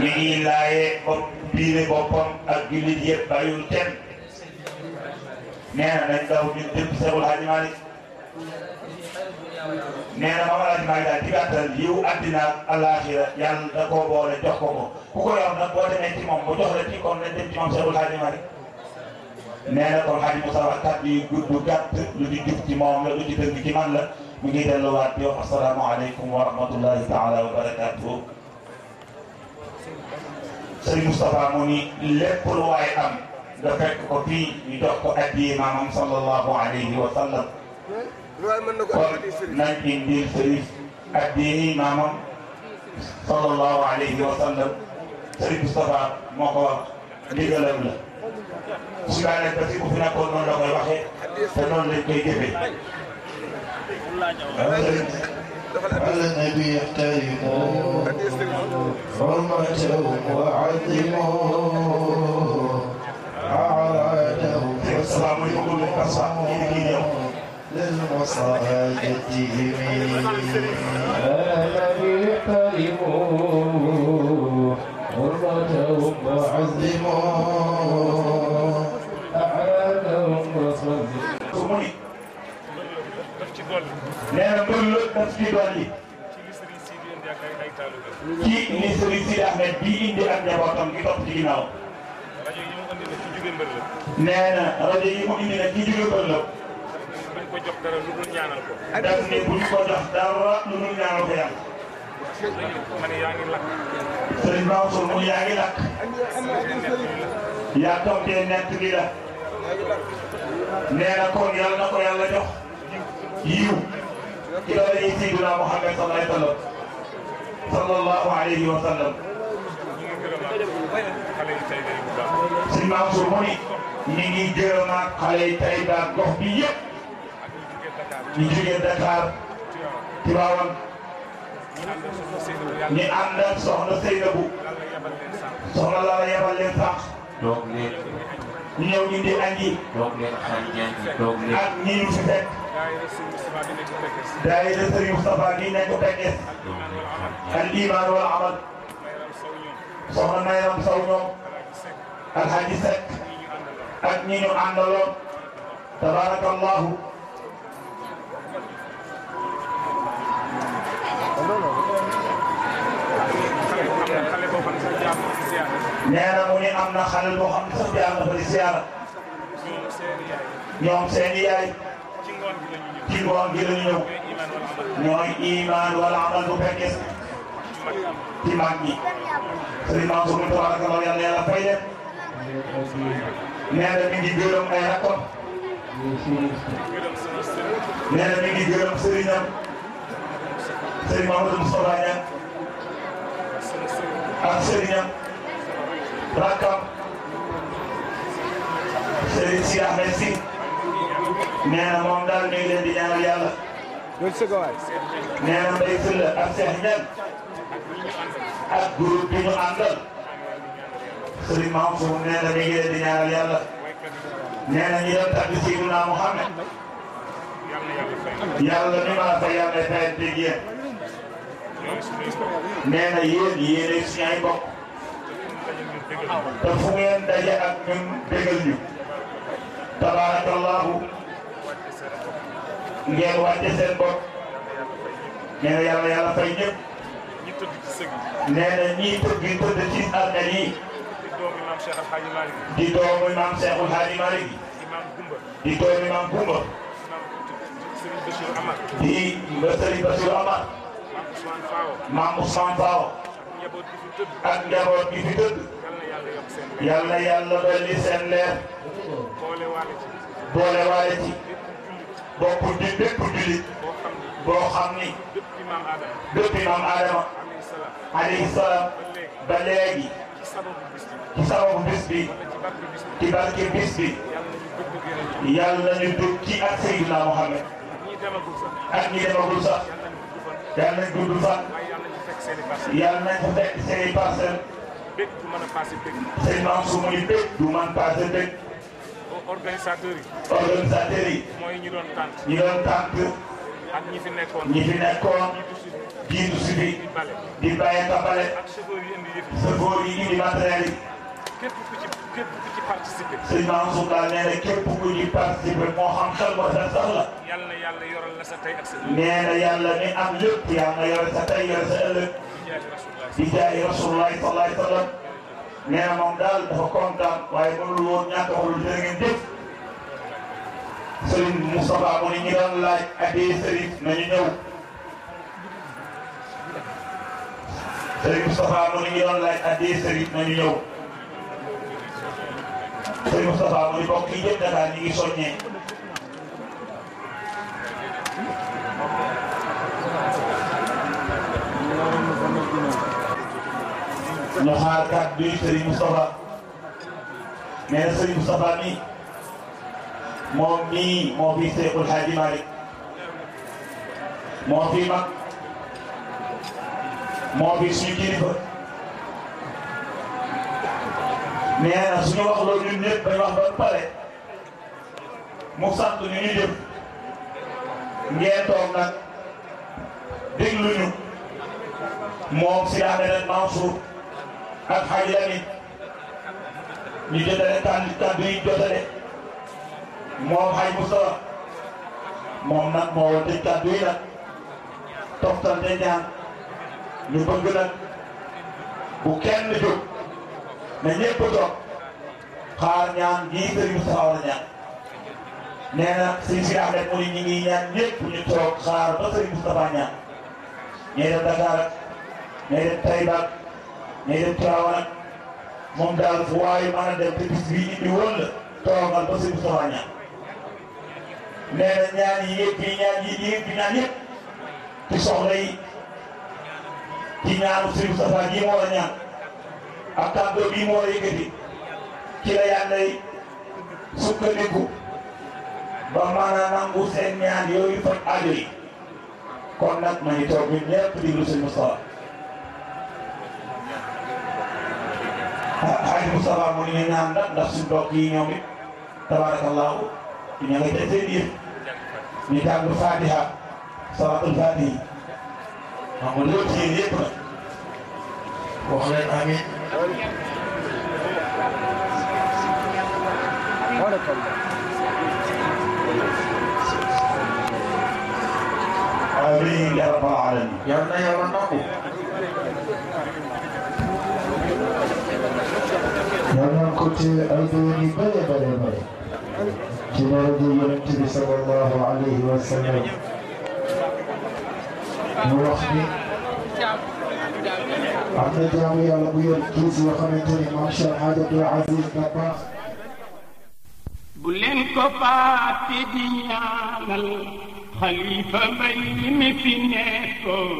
mi ngi laayee bopp biire boppam ak jullit yépp bàyyiwul kenn nee na nañ daw ñu dëpp Seexul Hajji Maalik nee na Maam Alaaji Maalik daal di gàttal yiw àddina ak alaaxira yàlla da koo boole jox ko ko ku ko yor nag boo demee ci moom bu jox la ci kon lañ dem ci moom Seydou Hadj Malick nee na kon Hadj Moussa wax kàddu yu gudd gàtt lu ci jub ci moom la lu ci dëng ci man la mu ngi delluwaat di wax asalaamaaleykum wa rahmatullahi taala wa barakaatuhu Sëriñ Moustapha mu ni lépp lu waay am nga fekk ko fii ñu jox ko addiya maamam sallallahu alayhi wa sallam kon nañ indi sëriñ addiyey maamam sallallahu alayhi wa sallam sëriñ Moustapha moo ko wax ndigalam la su daanee ba si bu fi nekkoon noonu la koy waxee te noonu lañ koy jëfee على النبي احترموا حرمته وعظموه أعراته فاصطموا المصادتهم أنا يحترموا غرتهم وعظموا أعانهم وصدقوا نعم كل تفكير ci ni Serigne Sidi Ahmed bii indi ak njabootam gi topp ci ginnaaw. nee na rajo yi mu indi nag ci jóge mbër la. ko jox dara ni yaa ngi lakk. yaa ngi lakk. yaa toog dee nett gi la. nee na kon jox. yiw. ci loolu yi Seydina Mouhamed sallallahu alayhi wa sallam. mu ni. ñu ngi gërëmaat xale yi tey ñu jógee Dakar Tivaouane ñu ànd ak soxna Seynabou soxna la la yebal leen sax. toog leen. ñu ñëw ñu indi aññi. toog leen xarit ñaari toog leen. ak ñi ñu fi fekk. daayira Serigne Moustapha nii nekk Pekes. al iman wal amal. soxna Mayram Sow ñoom. Alhaji Seck. ak ñi ñu àndaloon. tabaarakallahu nee na mu ne am na xale boo xam ne sax jaar na fa di siyaara ñoom seen yaay ci ngoon gi la ñu ñëw ñooy iman wala amal bu fekkee ci mag ñi Serigne Mansour mi tabaraka Allah yàlla yàlla fay leen nee na mi ngi gërëm ay rakkam nee na mi ngi gërëm Serigne am Serigne Mamadou Moustapha Niang ak Serigne am rakkam Serigne Sy Ahmed Sy nee na moom daal ñu ngi leen di ñaanal ak Cheikh Niang ak groupe bi ñu àndal Serigne Mansour nee na mi ngi leen di ñaanal yàlla. nee na ñu dem tàgg Seydina Mouhamed yàlla ni ma fa yàlla fay te fu ngeen ak ñun bégal ñu tabaarakallaahu ngeen wàcce seen bopp nee na yàlla fay ñëpp nee na ñii tëgg tëdd ci armeel yi di doomu maam Cheikhul Haaji Malick di doomu maam Gumba di Sëriñ Basiru Amar maam Ousmane Faawo ak njaboot gi fi tëdd yàlla yàlla dolli seen leer boole waale ci bokku di bépp jullit boo xam ni dëppi maam Adama alayhi salaam ba léegi ci sababu bis bi ci barke bis bi yàlla ñu dugg ci ak Seydina Muhammad ak ñi demagul sax yàlla ñu gudd fan. fekk seen i parcelles. yàlla nañ ko fekk seen i parcelles. bëgg du mën a passé bëgg. ñi doon tànt. ñi fi nekkoon. ñi si bi. di bale. di bàyyi ka bale. ak képp ku ci participé. sëñ Mansour daal nee na képp ku ci participé moo xam xel ba sax sax la. yal na yàlla yoral la sa tey ak sa ëllëg. nee na yàlla mi am lépp yal na yoral sa tey yoral sa ëllëg. di jaay Rasulullah sallallahu alayhi wa sallam. nee na moom daal dafa kontaan waaye mënul woon ñàkk a wóolu jërë ngeen jëf. Serigne Moustapha mu ne ñu doon laaj adee Serigne nañu ñëw. Serigne Moustapha mu ne ñu doon laaj adee Serigne nañu ñëw. sëñ yi jëm Dakar xaar kàddu yi sëriñ Moustapha nee na sëriñ mi moo fi Seexul Xaaji Maalik moo fi mag moo fi suñu kilifa nee na suñu wax loolu ñun ñëpp dañu wax ba pare mu sant ñu ñu jëm ngeen toog nag déglu ñu moom si Ahmed Mansour ak Hadj Lamine ñu jotale tànn kàddu yi jotale moom Hadj Moustapha moom nag moo war tëj kàddu yi nag toftante ñaan bëgg nag bu kenn jóg. na ñëpp toog xaar ñaan ñii kër yu saxaw ñaan nee na sëñ si Ahmed mu ni ñi ñaan ñëpp ñu toog xaar ba sëriñ Moustapha ñaan ñee dem Dakar ak ñee dem Taïba ak daal fu waaye mën a dem te bis bii indi woon la toogal ba sëriñ Moustapha ñaan nee ñaan yi yëpp yi ñaan yi yëpp ñaan yëpp ci soxla yi ci ñaanu sëriñ Moustapha ji moo la ab kàddu bi moo yëkkati ci la yàllay sukkandiku ba mën nangu seen ñaan yooyu faj aajo yi kon nag ma ñu toog ñun ñëpp diglu sëñ Moustapha Xaaji Moustapha mu ni ñaan nag ndax suñu mbokk yi ñoom it tabaarakallaahu ña nga ca seen yëf ñu jàng fatiha salatul fatihi xam nga yéen yëpp nag wax leen amiin yaa rabbal aalamiin yal na yàlla nangu yal na ko téye ay doon yu bare bare bare ci daraja Yonent bi sallallahu alayhi wa sallam mu wax ni am na jaamu yàlla bu yor kiis yoo xamante ni maam Cheikh Hadjatul Aziz Dabakh bu leen ko fàtte di ñaanal xalifa bay mi fi nekkoon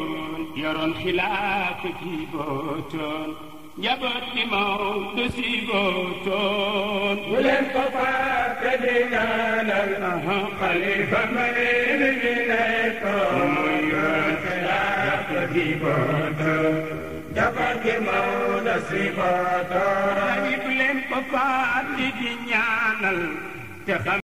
yoroon xilaaf ci bootoon njaboot bi Maodo si bootoon bu leen ko fàtte di ñaanal xalifa bay mi fi nekkoon Srimata jabange Maodo Srimata. maa ngi leen ko faat di ñaanal te xam.